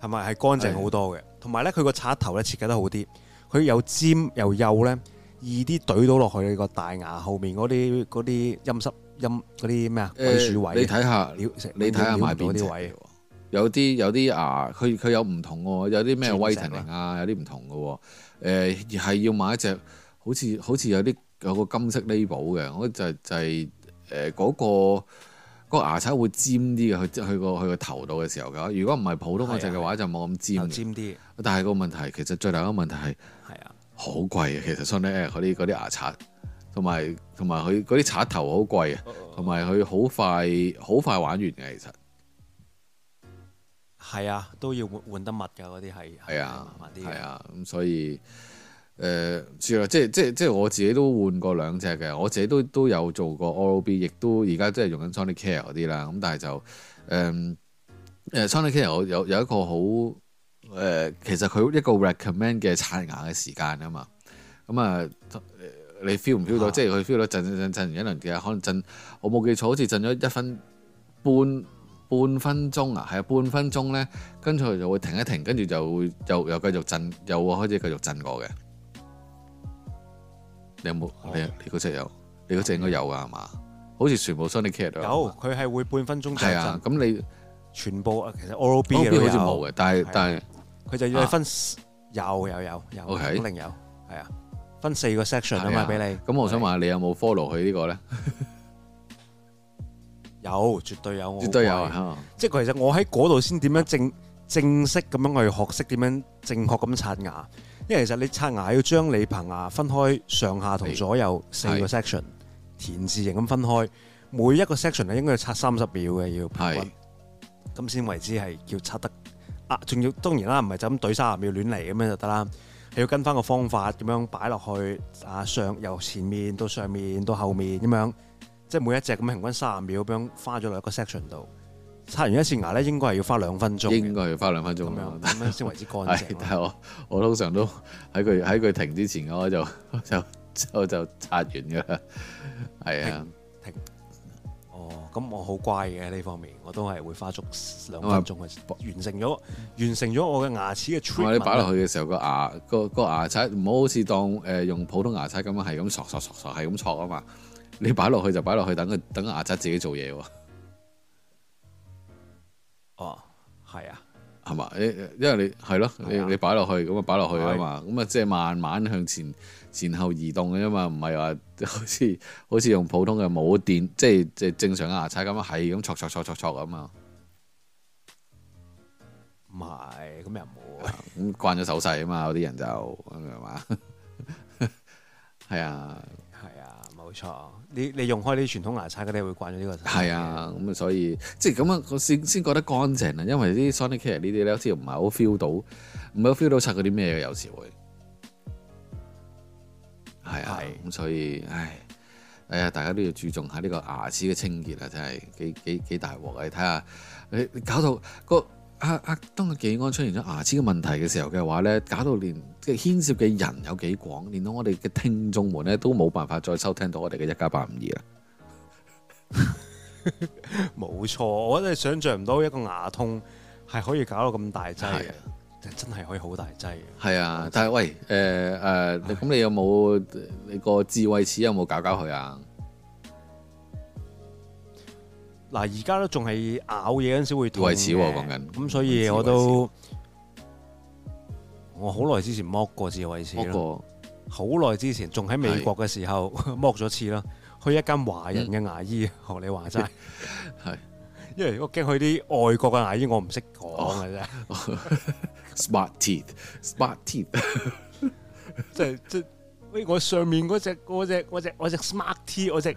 [SPEAKER 1] 係咪係乾淨好多嘅？同埋咧，佢個刷頭咧，設計得好啲，佢又尖又幼咧，易啲懟到落去你個大牙後面嗰啲嗰啲陰濕陰嗰啲咩啊鬼鼠位。誒，你睇下，你睇下埋邊啲位？
[SPEAKER 2] 有啲有啲牙，佢佢有唔同喎，有啲咩 Whitening 啊，有啲唔同嘅喎、呃。而係要買一隻。好似好似有啲有個金色 label 嘅，我就係就係誒嗰個牙刷會尖啲嘅，去去個去個頭度嘅時候嘅。如果唔係普通嘅隻嘅話，的就冇咁尖。尖啲。但係個問題其實最大嘅問題係係啊，的好貴啊！其實，Sony Air 嗰啲啲牙刷，同埋同埋佢嗰啲刷頭好貴啊！同埋佢好快好快玩完嘅其實。
[SPEAKER 1] 係啊，都要換換得密㗎嗰啲係。
[SPEAKER 2] 係啊，係啊，咁所以。唔知啦，即係即係即係我自己都換過兩隻嘅，我自己都都有做過 O B，亦都而家都係用緊 Sonicare 嗰啲啦。咁但係就誒誒、呃 uh, Sonicare 有有，有一個好誒、呃，其實佢一個 recommend 嘅刷牙嘅時間啊嘛。咁、嗯呃、啊，你 feel 唔 feel 到？即係佢 feel 到震震震震一輪嘅，可能震，震我冇記錯，好似震咗一分半半分鐘啊，係啊，半分鐘咧，跟住佢就會停一停，跟住就會又又，又，又，又繼續震，又開始繼續震過嘅。你有冇？你你嗰隻有？你嗰隻應該有噶係嘛？好
[SPEAKER 1] 似全部身你 c a r 有，佢係會半分鐘。係啊，咁你全部啊，其實 all B 嘅。好似冇嘅，但係但係佢就要分有有有有，肯定有，係啊，分四個 section 啊嘛，俾你。咁我想問下你有冇 follow 佢呢個咧？有，絕對有，絕對有。即係其實我喺嗰度先點樣正正式咁樣，去學識點樣正確咁刷牙。因為其實你刷牙要將你棚牙分開上下同左右四個 section，田是字型咁分開，每一個 section 係應該要刷三十秒嘅，要平均，咁先是為之係叫刷得。啊，仲要當然啦，唔係就咁對三十秒亂嚟咁樣就得啦，係要跟翻個方法咁樣擺落去，啊，上由前面到上面到後面咁樣，即係每一隻咁平均三十秒咁樣花咗落一個 section 度。刷完一次牙咧，應該係要花兩分鐘。應該要花兩分鐘。咁樣先為之乾淨。 但係我我通常都喺
[SPEAKER 2] 佢喺佢停之前，我就 就我就刷完㗎。係啊，
[SPEAKER 1] 停。哦，咁我好乖嘅呢方面，我都係會花足兩分鐘嘅、嗯、完成咗完成咗我嘅牙齒嘅處理、嗯。你擺落去嘅時候，個牙個個牙
[SPEAKER 2] 刷唔好好似當誒、呃、用普通牙刷咁樣係咁挫挫挫挫，係咁挫啊嘛！你擺落去就擺落去，等佢等牙刷自己做嘢喎。
[SPEAKER 1] 哦，係啊，
[SPEAKER 2] 係嘛，誒，因為你係咯、啊，你你擺落去咁啊，擺落去啊嘛，咁啊，即係慢慢向前前後移動嘅啫嘛，唔係話好似好似用普通嘅冇電，即係即係正常嘅牙刷咁樣，係咁挫挫挫挫挫咁啊，唔係，咁又冇啊，咁慣咗手勢啊嘛，有啲人就明嘛，
[SPEAKER 1] 係啊。冇錯，你你用開啲傳統牙刷，佢哋會慣咗呢個。係啊，咁、嗯、啊，所以即係咁啊，樣先先覺得乾淨啊，
[SPEAKER 2] 因為啲 Sonicare 呢啲咧，好似唔係好 feel 到，唔係好 feel 到刷過啲咩嘅，有時會係啊，咁是、嗯、所以唉，哎呀，大家都要注重下呢個牙齒嘅清潔啊，真係幾幾幾大鑊啊！你睇下，你搞到個。阿阿、啊、當個技安出現咗牙齒嘅問題嘅時候嘅話咧，搞到連即係牽涉嘅人有幾廣，連到我哋嘅聽眾們咧都冇辦法再收聽到我哋嘅一家八五二啦。
[SPEAKER 1] 冇 錯，我真係想象唔到一個牙痛係可以搞到咁大劑嘅，啊、真係可以好大劑
[SPEAKER 2] 嘅。係啊，但係喂，誒、呃、誒，咁、呃、的你有冇你個智慧齒有冇搞搞佢啊？
[SPEAKER 1] 嗱，而家都仲係咬嘢嗰陣時會痛，刺喎講緊。咁所以我都，我好耐之前剝過智慧齒咯，好耐之前仲喺美國嘅時候剝咗次咯，去一間華人嘅牙醫學你話齋，係，因為我驚佢啲外國嘅牙醫我唔識講嘅啫。Smart teeth，smart teeth，即係即係，喂，我上面隻只只隻 smart teeth 隻。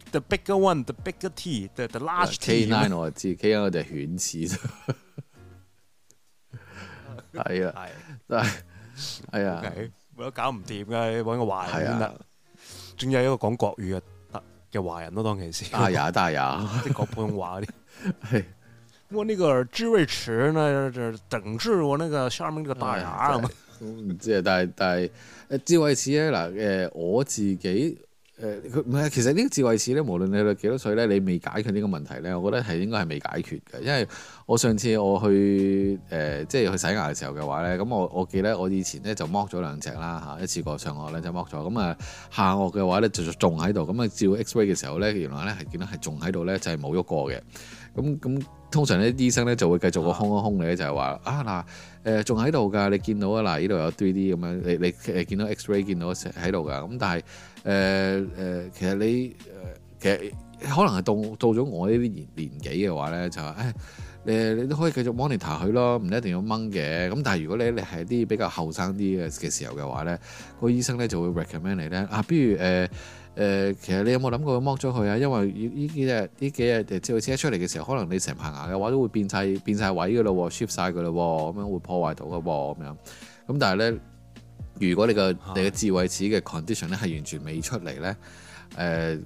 [SPEAKER 1] The bigger one, the bigger T，the the, the last T。K9
[SPEAKER 2] 我知，K9 我哋犬齒。係、uh, 啊，係啊、 okay，
[SPEAKER 1] 都搞唔掂嘅，揾個華人先得仲、啊 啊、有一個講國語嘅嘅華人咯，當其時大牙大牙，即係講普通話啲。我呢、 啊呢個智慧齒呢，就是整治我那個下面個大牙。唔、 嗯、
[SPEAKER 2] 知啊，但係但係誒智慧齒咧嗱誒我自己。誒佢唔係，其實呢個智慧齒咧，無論你係幾多歲咧，你未解決呢個問題咧，我覺得係應該係未解決嘅。因為我上次我去誒、呃，即係去洗牙嘅時候嘅話咧，咁我我記得我以前咧就剝咗兩隻啦嚇，一次過上牙咧就剝咗，咁啊下牙嘅話咧就仲喺度，咁啊照 X-ray 嘅時候咧，原來咧係見到係仲喺度咧，就係冇喐過嘅。咁咁。通常呢啲醫生咧就會繼續個空空你咧，就係、是、話啊，嗱，誒仲喺度噶，你見到啊，嗱，呢、呃、度有堆啲咁樣，你你誒見到 X-ray 見到喺度噶，咁、嗯、但係誒誒，其實你誒、呃、其實可能係到到咗我呢啲年年紀嘅話咧，就話誒、哎、你你都可以繼續 monitor 佢咯，唔一定要掹嘅。咁但係如果你你係啲比較後生啲嘅嘅時候嘅話咧，個醫生咧就會 recommend 你咧啊，不如誒。呃誒、呃，其實你有冇諗過剝咗佢啊？因為呢幾日，呢幾日智慧齒一出嚟嘅時候，可能你成排牙嘅話都會變晒變曬位噶咯喎，shift 晒噶咯喎，咁樣會破壞到噶噃咁樣。咁、呃、但係咧，如果你個你嘅智慧齒嘅 condition 咧係完全未出嚟咧，誒、呃、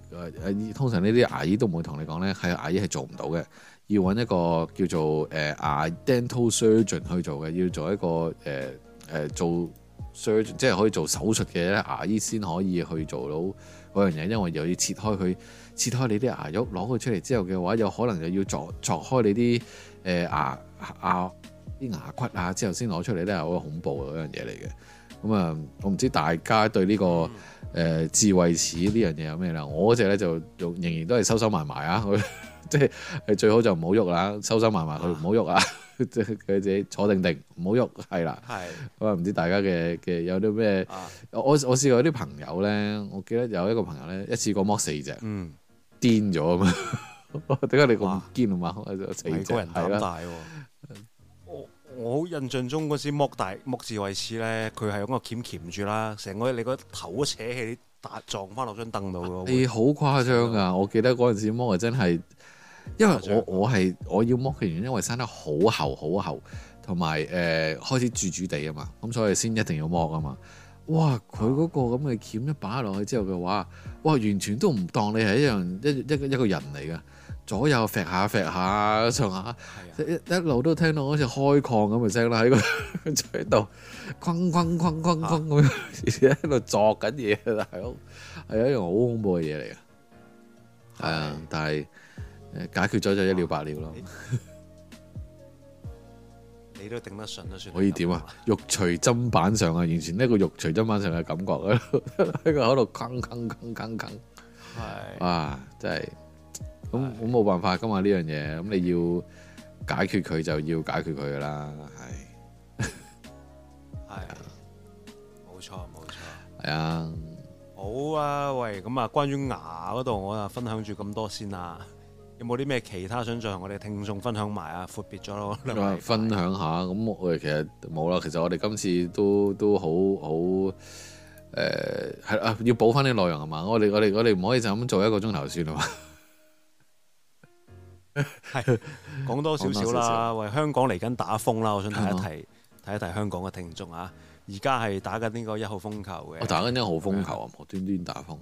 [SPEAKER 2] 通常呢啲牙醫都唔會同你講咧，係牙醫係做唔到嘅，要揾一個叫做誒牙、呃、dental surgeon 去做嘅，要做一個誒誒、呃、做 surgeon，即係可以做手術嘅牙醫先可以去做到。嗰樣嘢，因為又要切開佢，切開你啲牙肉攞佢出嚟之後嘅話，有可能又要鑿鑿開你啲誒、呃、牙啊啲牙骨啊，之後先攞出嚟咧，係好恐怖嘅嗰樣嘢嚟嘅。咁啊，我唔知大家對呢、呢個誒、嗯呃、智慧齒呢樣嘢有咩啦？我嗰隻咧就仍然都係收收埋埋啊，呵呵即係最好就唔好喐啦，收收埋埋佢唔好喐啊。佢自己坐定定，唔好喐，係啦。係咁啊！唔知大家嘅嘅有啲咩？我我試過有啲朋友咧，我記得有一個朋友咧，一次
[SPEAKER 1] 過剝四隻，癲咗啊！點解你咁癲啊？美國人膽大喎！我我好印象中嗰時剝大剝智慧齒咧，佢係用個鉗鉗住啦，成個你個頭都扯起，打撞翻落張凳度咯。你
[SPEAKER 2] 好誇張啊！我記得嗰陣時剝啊，真係～因為我我係我要剝佢，因為生得好厚好厚，同埋誒開始住住地啊嘛，咁所以先一定要剝㗎嘛。哇！佢嗰個咁嘅鉗一把落去之後嘅話，哇！完全都唔當你係一樣一一個一個人嚟㗎，左右揈下揈下上下，一路都聽到好似開礦咁嘅聲啦，喺個喺度轟轟轟轟轟咁樣，喺度作緊嘢，係咯，係一樣好恐怖嘅嘢嚟嘅。係啊，但係。解決咗就一了百了咯。
[SPEAKER 1] 你都頂得順都算。可以點啊？
[SPEAKER 2] 肉隨砧板上，板上 啊，完全呢個肉隨砧板上嘅感覺啊，
[SPEAKER 1] 喺個口度坑坑坑坑真
[SPEAKER 2] 係咁咁冇辦法，今日呢樣嘢咁，你要
[SPEAKER 1] 解決佢就要解決佢啦。係。係啊。冇錯，冇錯。係啊。好啊，喂，咁啊，關於牙嗰度，我就分享住咁多先啦。有冇啲咩其他想像我哋聽眾分享埋啊？闊別咗咯，
[SPEAKER 2] 分享下咁，我哋其實冇啦。其實我哋今次都都好好誒，係、呃、啊，要補翻啲內容啊嘛。我哋我哋我哋唔可以就咁做一個鐘頭算啊嘛。係
[SPEAKER 1] 講多少少啦。喂 香港嚟緊打風啦，我想提一提，提一提香港嘅聽眾啊。而家係打緊呢個一號風球嘅。我打緊一號風球
[SPEAKER 2] 啊！ 無端端打風。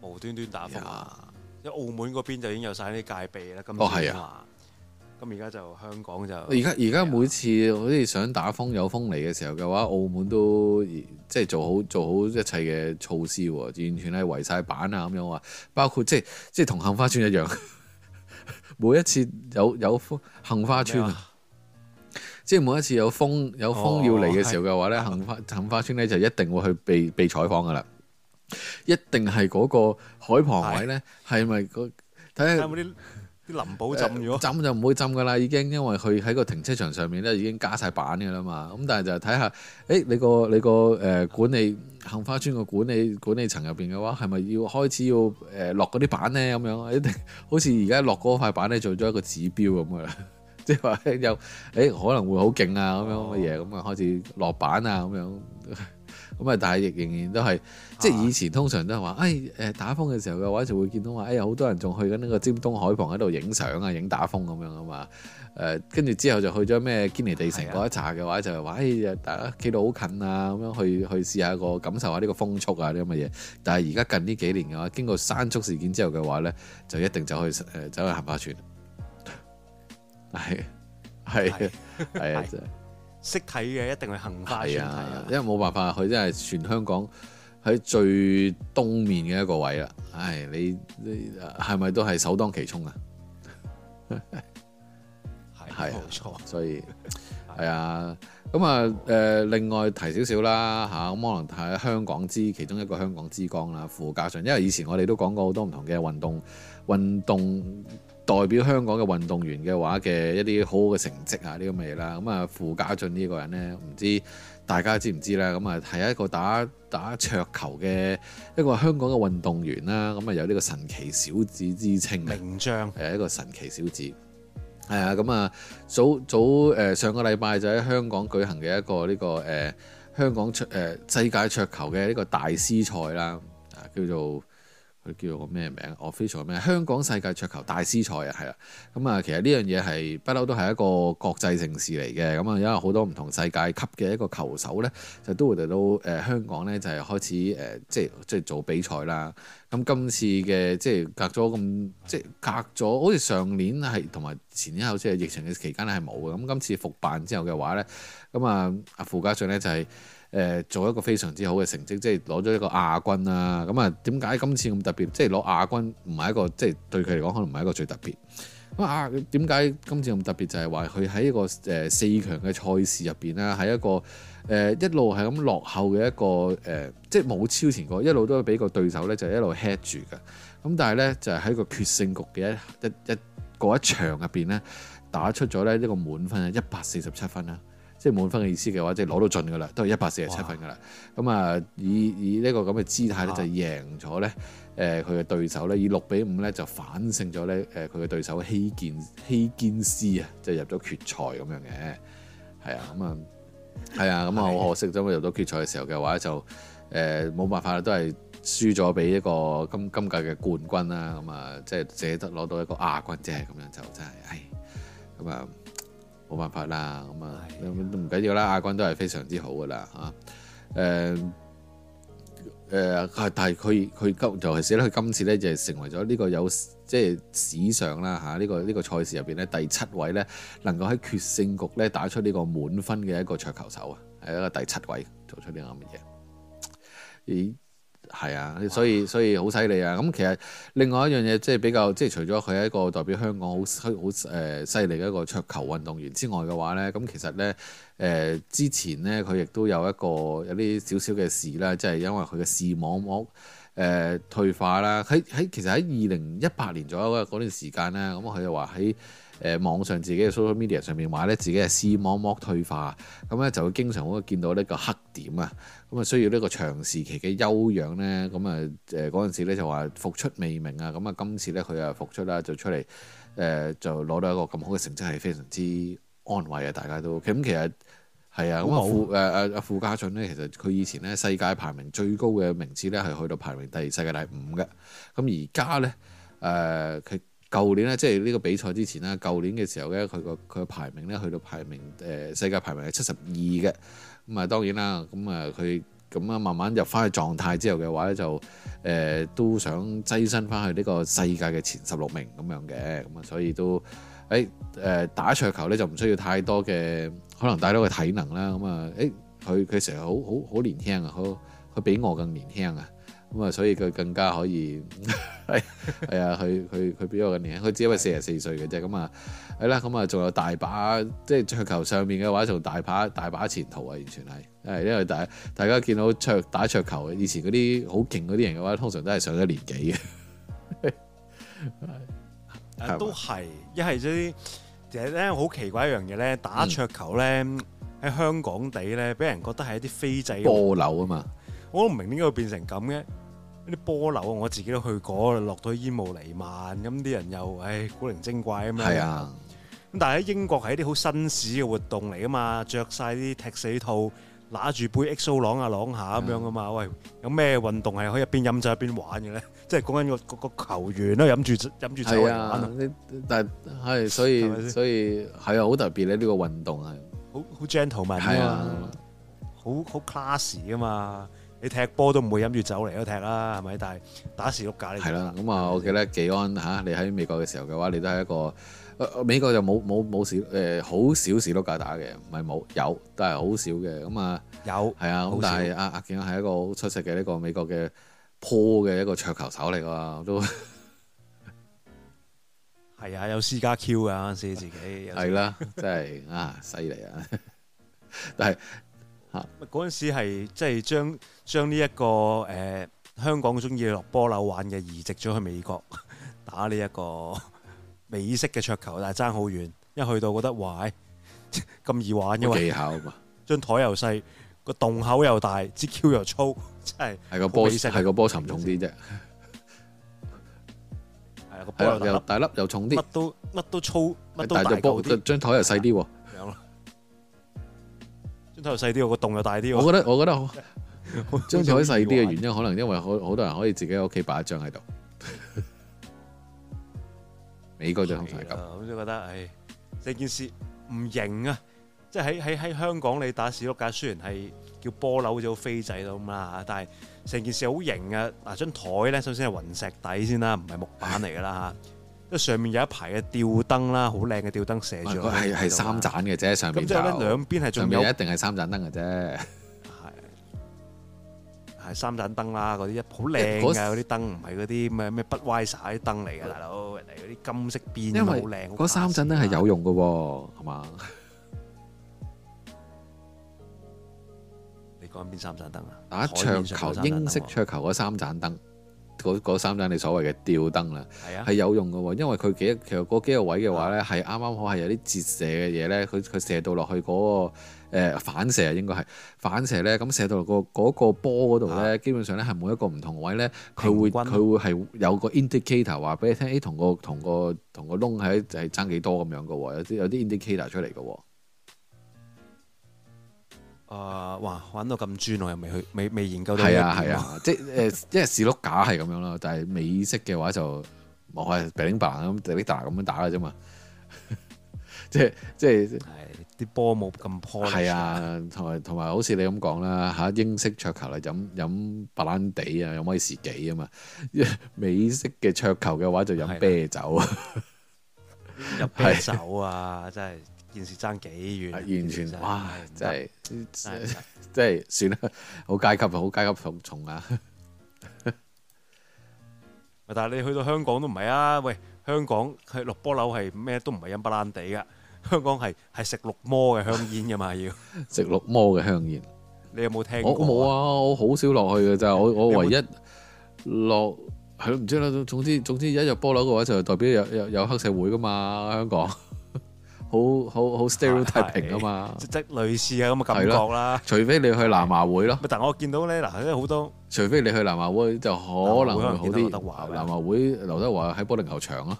[SPEAKER 1] 無端端打風啊！即、哎、呀澳門嗰邊就已經有晒啲戒備啦。咁哦係啊，咁而家就香港就而家而
[SPEAKER 2] 家每次好似想打風有風嚟嘅時候嘅話，澳門都即係做好做好一切嘅措施，完全係圍晒板啊咁樣話，包括即係即係同杏花村一樣，每一次有有風杏花村啊，麼即係每一次有風有風要嚟嘅時候嘅話咧，杏、哦、花杏花村咧就一定會去被被採訪噶啦。一定係嗰個海旁位呢，係咪睇下有冇啲
[SPEAKER 1] 啲林寶浸
[SPEAKER 2] 咗，浸就唔會浸噶啦，已經因為佢喺個停車場上面呢，已經加晒板噶啦嘛。咁但係就睇下，誒、欸、你個你個誒、呃、管理杏花村個管理管理層入邊嘅話，係咪要開始要誒落嗰啲板呢？咁樣一定好似而家落嗰塊板呢，做咗一個指標咁噶啦，即係話有誒、欸、可能會好勁啊咁樣嘅嘢，咁啊、哦、開始落板啊咁樣。咁啊！但係亦仍然都係，啊、即係以前通常都係話，誒、哎、誒打風嘅時候嘅話，就會見到話，哎好多人仲去緊呢個尖東海旁喺度影相啊，影打風咁樣啊嘛。誒、呃，跟住之後就去咗咩堅尼地城嗰一查嘅話，是啊、就係話，誒、哎，大家企到好近啊，咁樣去去，去試下個感受下呢個風速啊，呢咁嘅嘢。但係而家近呢幾年嘅話，經過山竹事件之後嘅話咧，就一定走去誒，走去杏花邨。係，係，係啊，
[SPEAKER 1] 識睇嘅一定係行快，因
[SPEAKER 2] 為冇辦法，佢真係全香港喺最東面嘅一個位啦。唉，你你係咪都係首當其衝 啊？係係冇錯。所以係 啊，咁啊誒， 另外一提少少啦嚇，咁、啊、可能睇香港之其中一個香港之光啦，傅家俊。因為以前我哋都講過好多唔同嘅運動運動。運動代表香港嘅運動員嘅話嘅一啲好好嘅成績啊，呢啲咁嘅嘢啦，咁啊傅家俊呢個人呢，唔知大家知唔知啦？咁啊係一個打，打打桌球嘅一個香港嘅運動員啦，咁啊有呢個神奇小子之稱名將，係一個神奇小子。係啊，咁啊早早誒上個禮拜就喺香港舉行嘅一個呢個誒香港桌誒世界桌球嘅呢個大師賽啦，啊叫做。佢叫做個咩名我 official 咩？Name，香港世界桌球大師賽啊，係啦。咁、嗯、啊，其實呢樣嘢係不嬲都係一個國際盛事嚟嘅。咁、嗯、啊，因為好多唔同世界級嘅一個球手咧，就都會嚟到誒、呃、香港咧，就係、是、開始誒、呃，即係即係做比賽啦。咁、嗯、今次嘅即係隔咗咁，即係隔咗，好似上年係同埋前年後，即係疫情嘅期間咧係冇嘅。咁、嗯、今次復辦之後嘅話咧，咁、嗯、啊，傅家俊咧就係、是。誒做一個非常之好嘅成績，即係攞咗一個亞軍啦。咁啊，點解今次咁特別？即係攞亞軍唔係一個，即係對佢嚟講可能唔係一個最特別。咁啊，點解今次咁特別？就係話佢喺一個誒四強嘅賽事入邊啦，喺一個誒、呃、一路係咁落後嘅一個誒、呃，即係冇超前過，一路都俾個對手咧就一路 hit 住嘅。咁但係咧就係、是、喺個決勝局嘅一一一一，嗰一場入邊咧，打出咗咧呢個滿分啊，一百四十七分啦。即係滿分嘅意思嘅話，即係攞到盡噶啦，都係一百四十七分噶啦。咁啊，以以呢個咁嘅姿態咧，就贏咗咧誒佢嘅對手咧，以六比五咧就反勝咗咧誒佢嘅對手希健希堅斯啊，就入咗決賽咁樣嘅，係啊，咁啊，係啊，咁啊好可惜，因為入到決賽嘅時候嘅話就誒冇辦法啦，都係輸咗俾一個今今屆嘅冠軍啦。咁啊，即係淨係得攞到一個亞軍啫，咁樣就真係唉，咁啊。冇辦法啦，咁啊都唔緊要啦，亞軍都係非常之好噶啦嚇。誒、啊、誒、啊啊啊，但係佢佢今就係寫咧，佢今次咧就係、是、成為咗呢個有即係、就是、史上啦嚇呢個呢、這個賽事入邊咧第七位咧，能夠喺決勝局咧打出呢個滿分嘅一個桌球手啊，係一個第七位做出呢個咁嘅嘢。咦係啊，所以所以好犀利啊！咁、嗯、其實另外一樣嘢，即係比較即係除咗佢係一個代表香港好好誒犀利嘅一個桌球運動員之外嘅話呢，咁其實呢，誒、呃、之前呢，佢亦都有一個有啲少少嘅事啦，即係因為佢嘅視網膜誒、呃、退化啦，喺喺其實喺二零一八年左右嗰段時間呢，咁、嗯、佢就話喺誒網上自己嘅 social media 上面話咧，自己係視網膜退化，咁咧就會經常會見到呢個黑點啊，咁啊需要呢個長時期嘅休養咧，咁啊誒嗰陣時咧就話復出未明啊，咁啊今次咧佢啊復出啦、呃，就出嚟誒就攞到一個咁好嘅成績係非常之安慰啊！大家都，咁其實係啊，咁啊傅誒誒阿傅家俊咧，其實佢以前咧世界排名最高嘅名次咧係去到排名第二，世界第五嘅，咁而家咧誒佢。呃舊年咧，即係呢個比賽之前啦。舊年嘅時候咧，佢個佢排名咧去到排名誒、呃、世界排名係七十二嘅，咁、嗯、啊當然啦，咁啊佢咁啊慢慢入翻去狀態之後嘅話咧，就誒、呃、都想躋身翻去呢個世界嘅前十六名咁樣嘅，咁、嗯、啊所以都誒誒、呃、打桌球咧就唔需要太多嘅可能太多嘅體能啦，咁啊誒佢佢成日好好好年輕啊，佢佢比我更年輕啊！咁啊，所以佢更加可以係啊，佢佢佢邊一個年紀？佢只不過四十四歲嘅啫。咁啊的，係啦、嗯，咁、嗯、啊，仲有大把，即、就、係、是、桌球上面嘅話，仲大把大把前途啊，完全係。係因為大大家見到桌打桌球，以前嗰啲好勁嗰啲人嘅話，通常都係上咗年紀嘅。 吧都
[SPEAKER 1] 係一係即係，其實咧好奇怪一樣嘢咧，打桌球咧喺、嗯、香港地咧，俾人覺得係一啲飛仔波樓啊嘛。我都唔明點解會變成咁嘅。啲波樓啊，我自己都去過，落到去煙霧瀰漫，咁啲人又，唉，古靈精怪啊嘛。係啊，咁但係喺英國係一啲好紳士嘅活動嚟啊嘛，着晒啲踢死套，拿住杯 XO 啷下啷下咁樣噶嘛。啊、喂，有咩運動係可以一邊飲酒一邊玩嘅咧？即係講緊個、嗰個球員都飲住飲住酒玩啊！但係所以所以係啊，好特別咧呢、呢個運動係，好好 gentleman 啊，好好 classy 㗎嘛。踢波都唔會飲住酒嚟都踢啦，係咪？但係打士碌架咧。係啦，
[SPEAKER 2] 咁啊，我記得紀安吓，你喺美國嘅時候嘅話，你都係一個，美國就冇冇冇少誒，好少士碌架打嘅，唔係冇有，但係好少嘅。咁、這個、 啊，有係 啊，咁但係阿阿健係一個好出色嘅呢個美國嘅波嘅一個桌球手嚟噶，都係啊，有私
[SPEAKER 1] 家 Q 啊，嗰陣時自己係啦，真係啊，犀利啊，但係。嗰陣時係即係將將呢一個誒、呃、香港中意落波樓玩嘅移植咗去美國打呢一個美式嘅桌球，但係爭好遠，一去到覺得哇，咁、欸、易玩嘅嘛？技巧嘛，張台又細，個洞口又大，支 Q 又粗，真係係個波，係、嗯、個波
[SPEAKER 2] 沉重啲啫，係、 那個波又大粒，又，大又重啲，乜都
[SPEAKER 1] 乜都粗，乜都大，但係就波
[SPEAKER 2] 張台又細啲。是
[SPEAKER 1] 又細啲，個洞又大啲。我覺得，我覺得好
[SPEAKER 2] 張台細啲嘅原因，可能因為好好 多人可以自己喺屋企擺一張喺度。美國就係
[SPEAKER 1] 咁，就、 嗯、覺得，唉、欸，成件事唔型啊！即係喺喺喺香港你打士碌架，雖然係叫波樓咗好飛仔咁啦，但係成件事好型啊！嗱、啊，張台咧，首先係雲石底先啦，唔係木板嚟噶啦吓。 即係上面有一排嘅吊燈啦，好靚嘅吊燈射住。係係
[SPEAKER 2] 三盞嘅啫，上面。咁即係咧，兩邊係仲有。上面一定係三盞燈嘅啫。
[SPEAKER 1] 係係三盞燈啦，嗰啲一好靚嘅嗰啲燈，唔係嗰啲咩咩不歪曬啲燈嚟嘅，大佬嚟嗰啲金色邊，好靚。嗰
[SPEAKER 2] 三盞燈係有用㗎喎，係咪？
[SPEAKER 1] 你講邊三盞燈啊？打桌球，英式
[SPEAKER 2] 桌球嗰三盞燈。嗰三盞你所謂嘅吊燈啦，係、啊、有用嘅喎，因為佢幾其實嗰幾個位嘅話咧，係啱啱好係有啲折射嘅嘢咧，佢佢射到落去嗰、嗰個、呃、反射應該係反射咧，咁射到落、嗰個、嗰個波嗰度咧，啊、基本上咧係每一個唔同位咧，佢會佢均會係有個 indicator 話俾你聽，誒、哎、同個同個同個窿喺係爭幾多咁樣嘅喎，有啲有啲 indicator 出嚟嘅喎。
[SPEAKER 1] 啊！哇，玩到咁轉，我又未去，未未研究到。係啊係啊，即係誒，即係士碌
[SPEAKER 2] 架係咁樣咯。但係美式嘅話就冇係平平白咁滴打咁樣啫嘛。即係即係啲波冇咁 point 啊，同埋同埋，好似你咁講啦，吓英式桌球嚟飲飲白蘭地啊，飲威士忌啊嘛。美式嘅桌球嘅話就飲啤酒，飲
[SPEAKER 1] 啤酒啊，真係。件事爭幾遠，遠完全哇！真係
[SPEAKER 2] 是，真係，真係算啦，好階級，好階級重啊！
[SPEAKER 1] 但係你去到香港都唔係啊！喂，香港去落波樓係咩都唔係飲白蘭地噶，Restaurant, 香港係係 食綠魔嘅香煙噶嘛要？食綠
[SPEAKER 2] 魔嘅香煙，
[SPEAKER 1] 你有冇聽過我？
[SPEAKER 2] 我冇啊，我好少落去嘅咋，我 沒我唯一落，唔知啦，總之總之一入波樓嘅話就代表有有有黑社會噶嘛，香港。 好好好，stay r o 啊嘛，即係類似啊咁嘅感覺啦。除非你去南華會咯。但係我見到咧，嗱，好多。除非你去南華會，就可能會好啲。南華會劉德華喺玻璃球場咯。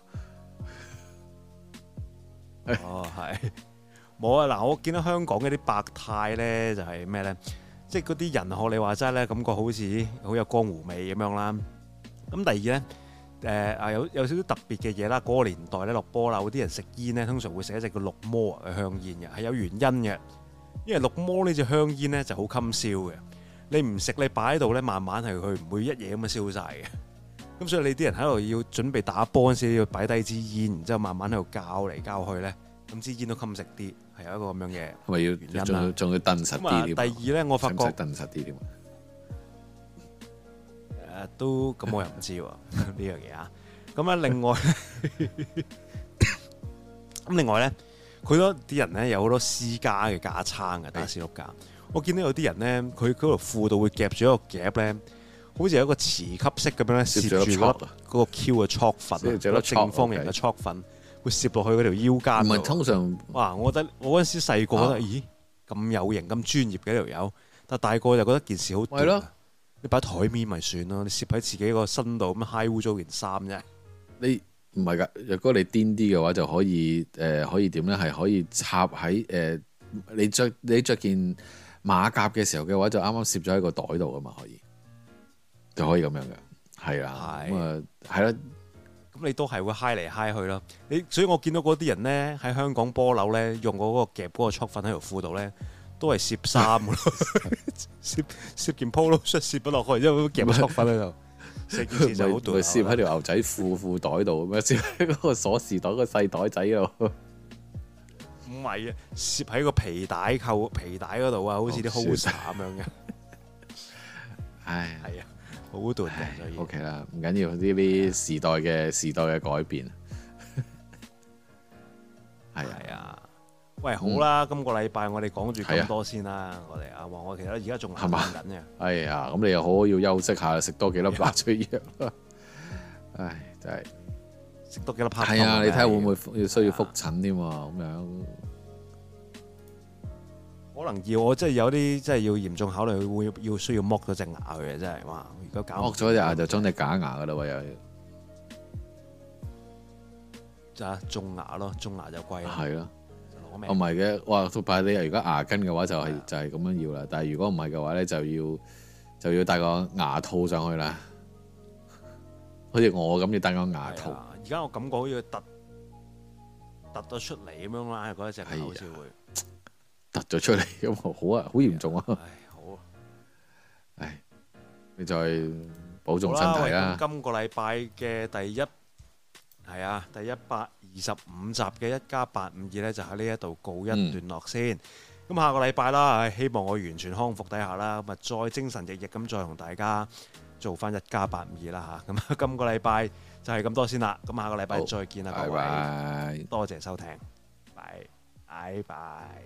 [SPEAKER 1] 的的哦，係。冇啊！ 嗱，我見到香港嗰啲百態咧，就係咩咧？即係嗰啲人學你話齋咧，感覺好似好有江湖味咁樣啦。咁第二咧。誒啊有有少少特別嘅嘢啦，嗰個年代咧落波樓啲人食煙咧，通常會食一隻叫綠魔嘅香煙嘅，係有原因嘅，因為綠魔呢隻香煙咧就好禁燒嘅，你唔食你擺喺度咧，慢慢係佢唔會一嘢咁樣燒曬嘅。咁所以你啲人喺度要準備打波，先要擺低支煙，然之後慢慢喺度教嚟教去咧，咁支煙都禁食啲，係有一個咁樣嘢。係咪要原因啊？仲要
[SPEAKER 2] 仲要燉實啲添。第二咧，我發覺。
[SPEAKER 1] 誒都咁我又唔知喎呢樣嘢啊！咁啊，另外咁另外咧，好多啲人咧有好多私家嘅架撐嘅打士碌架。我見到有啲人咧，佢嗰條褲度會夾住一個夾咧，好似有一個磁吸式咁樣咧，攝住粒個 Q 嘅撮粉啊，即係正方形嘅撮粉，會攝落去嗰條腰間。唔係通常，哇！我覺得我嗰陣時細個覺得，咦咁有型咁專業嘅條友，但大個就覺得件事好短。你擺台面咪算咯，你攝喺自己個身度咁樣嗨污咗件衫啫。你
[SPEAKER 2] 唔係噶，若果你癲啲嘅話，就可以誒、呃，可以點咧？係可以插喺誒、呃，你着你着件馬甲嘅時候嘅話，就啱啱攝咗喺個袋度㗎嘛，可以，就可以咁樣嘅，
[SPEAKER 1] 係啊，咁啊係咯，咁、嗯、你都係會嗨嚟嗨去咯。你所以我，我見到嗰啲人咧喺香港波樓咧，用嗰個夾嗰個束粉喺條褲度咧。都係攝衫咯，攝攪 件鋪咯，摔攝咗落去，因為夾唔得翻
[SPEAKER 2] 喺度。攝喺條牛仔褲褲袋度，咁樣攝喺嗰個鎖匙袋個細袋仔度。
[SPEAKER 1] 唔係啊，攝喺個皮帶扣皮帶嗰度啊，好似啲 h o s 咁樣嘅。
[SPEAKER 2] 唉，
[SPEAKER 1] 係啊，好獨特。
[SPEAKER 2] O K 啦，唔緊要，呢啲時代嘅時代嘅改變，係 啊、哎。
[SPEAKER 1] 喂，好啦，今個禮拜我哋講住咁多先啦，我哋阿話我其實而家仲行緊嘅。
[SPEAKER 2] 哎呀，咁你又好要休息下，食多幾粒白水藥。唉，真係
[SPEAKER 1] 食多幾粒。係啊，你睇下會唔會要需要覆診添喎？咁樣可能要，我真係有啲真係要嚴重考慮，會要需要剝咗隻牙去嘅，真係如果家搞剝咗隻牙就裝隻
[SPEAKER 2] 假牙㗎喇喎又。
[SPEAKER 1] 就種牙咯，種牙就貴啦。係唔
[SPEAKER 2] 係嘅，哇！託拜你，如果牙根嘅話就係、是、就係、是、咁樣要啦。但係如果唔係嘅話咧，就要就要戴個牙套上去啦。好 似我咁要戴個牙套。
[SPEAKER 1] 而家、啊、我感覺好似凸突咗出嚟咁樣啦，嗰一隻牙先會、哎、
[SPEAKER 2] 突咗出嚟。咁好啊，好嚴重啊。啊唉，好啊。唉，你再保重身體啦。啊、
[SPEAKER 1] 今個禮拜嘅第一，係啊，第一百。二十五集嘅一家852咧，就喺呢一度告一段落先。咁、嗯、下個禮拜啦，希望我完全康復底下啦，咁啊再精神奕奕咁再同大家做翻一家852啦吓，咁、啊、今個禮拜就係咁多先啦。咁下個禮拜再見啦，好各位，bye bye 多謝收聽，拜，拜拜。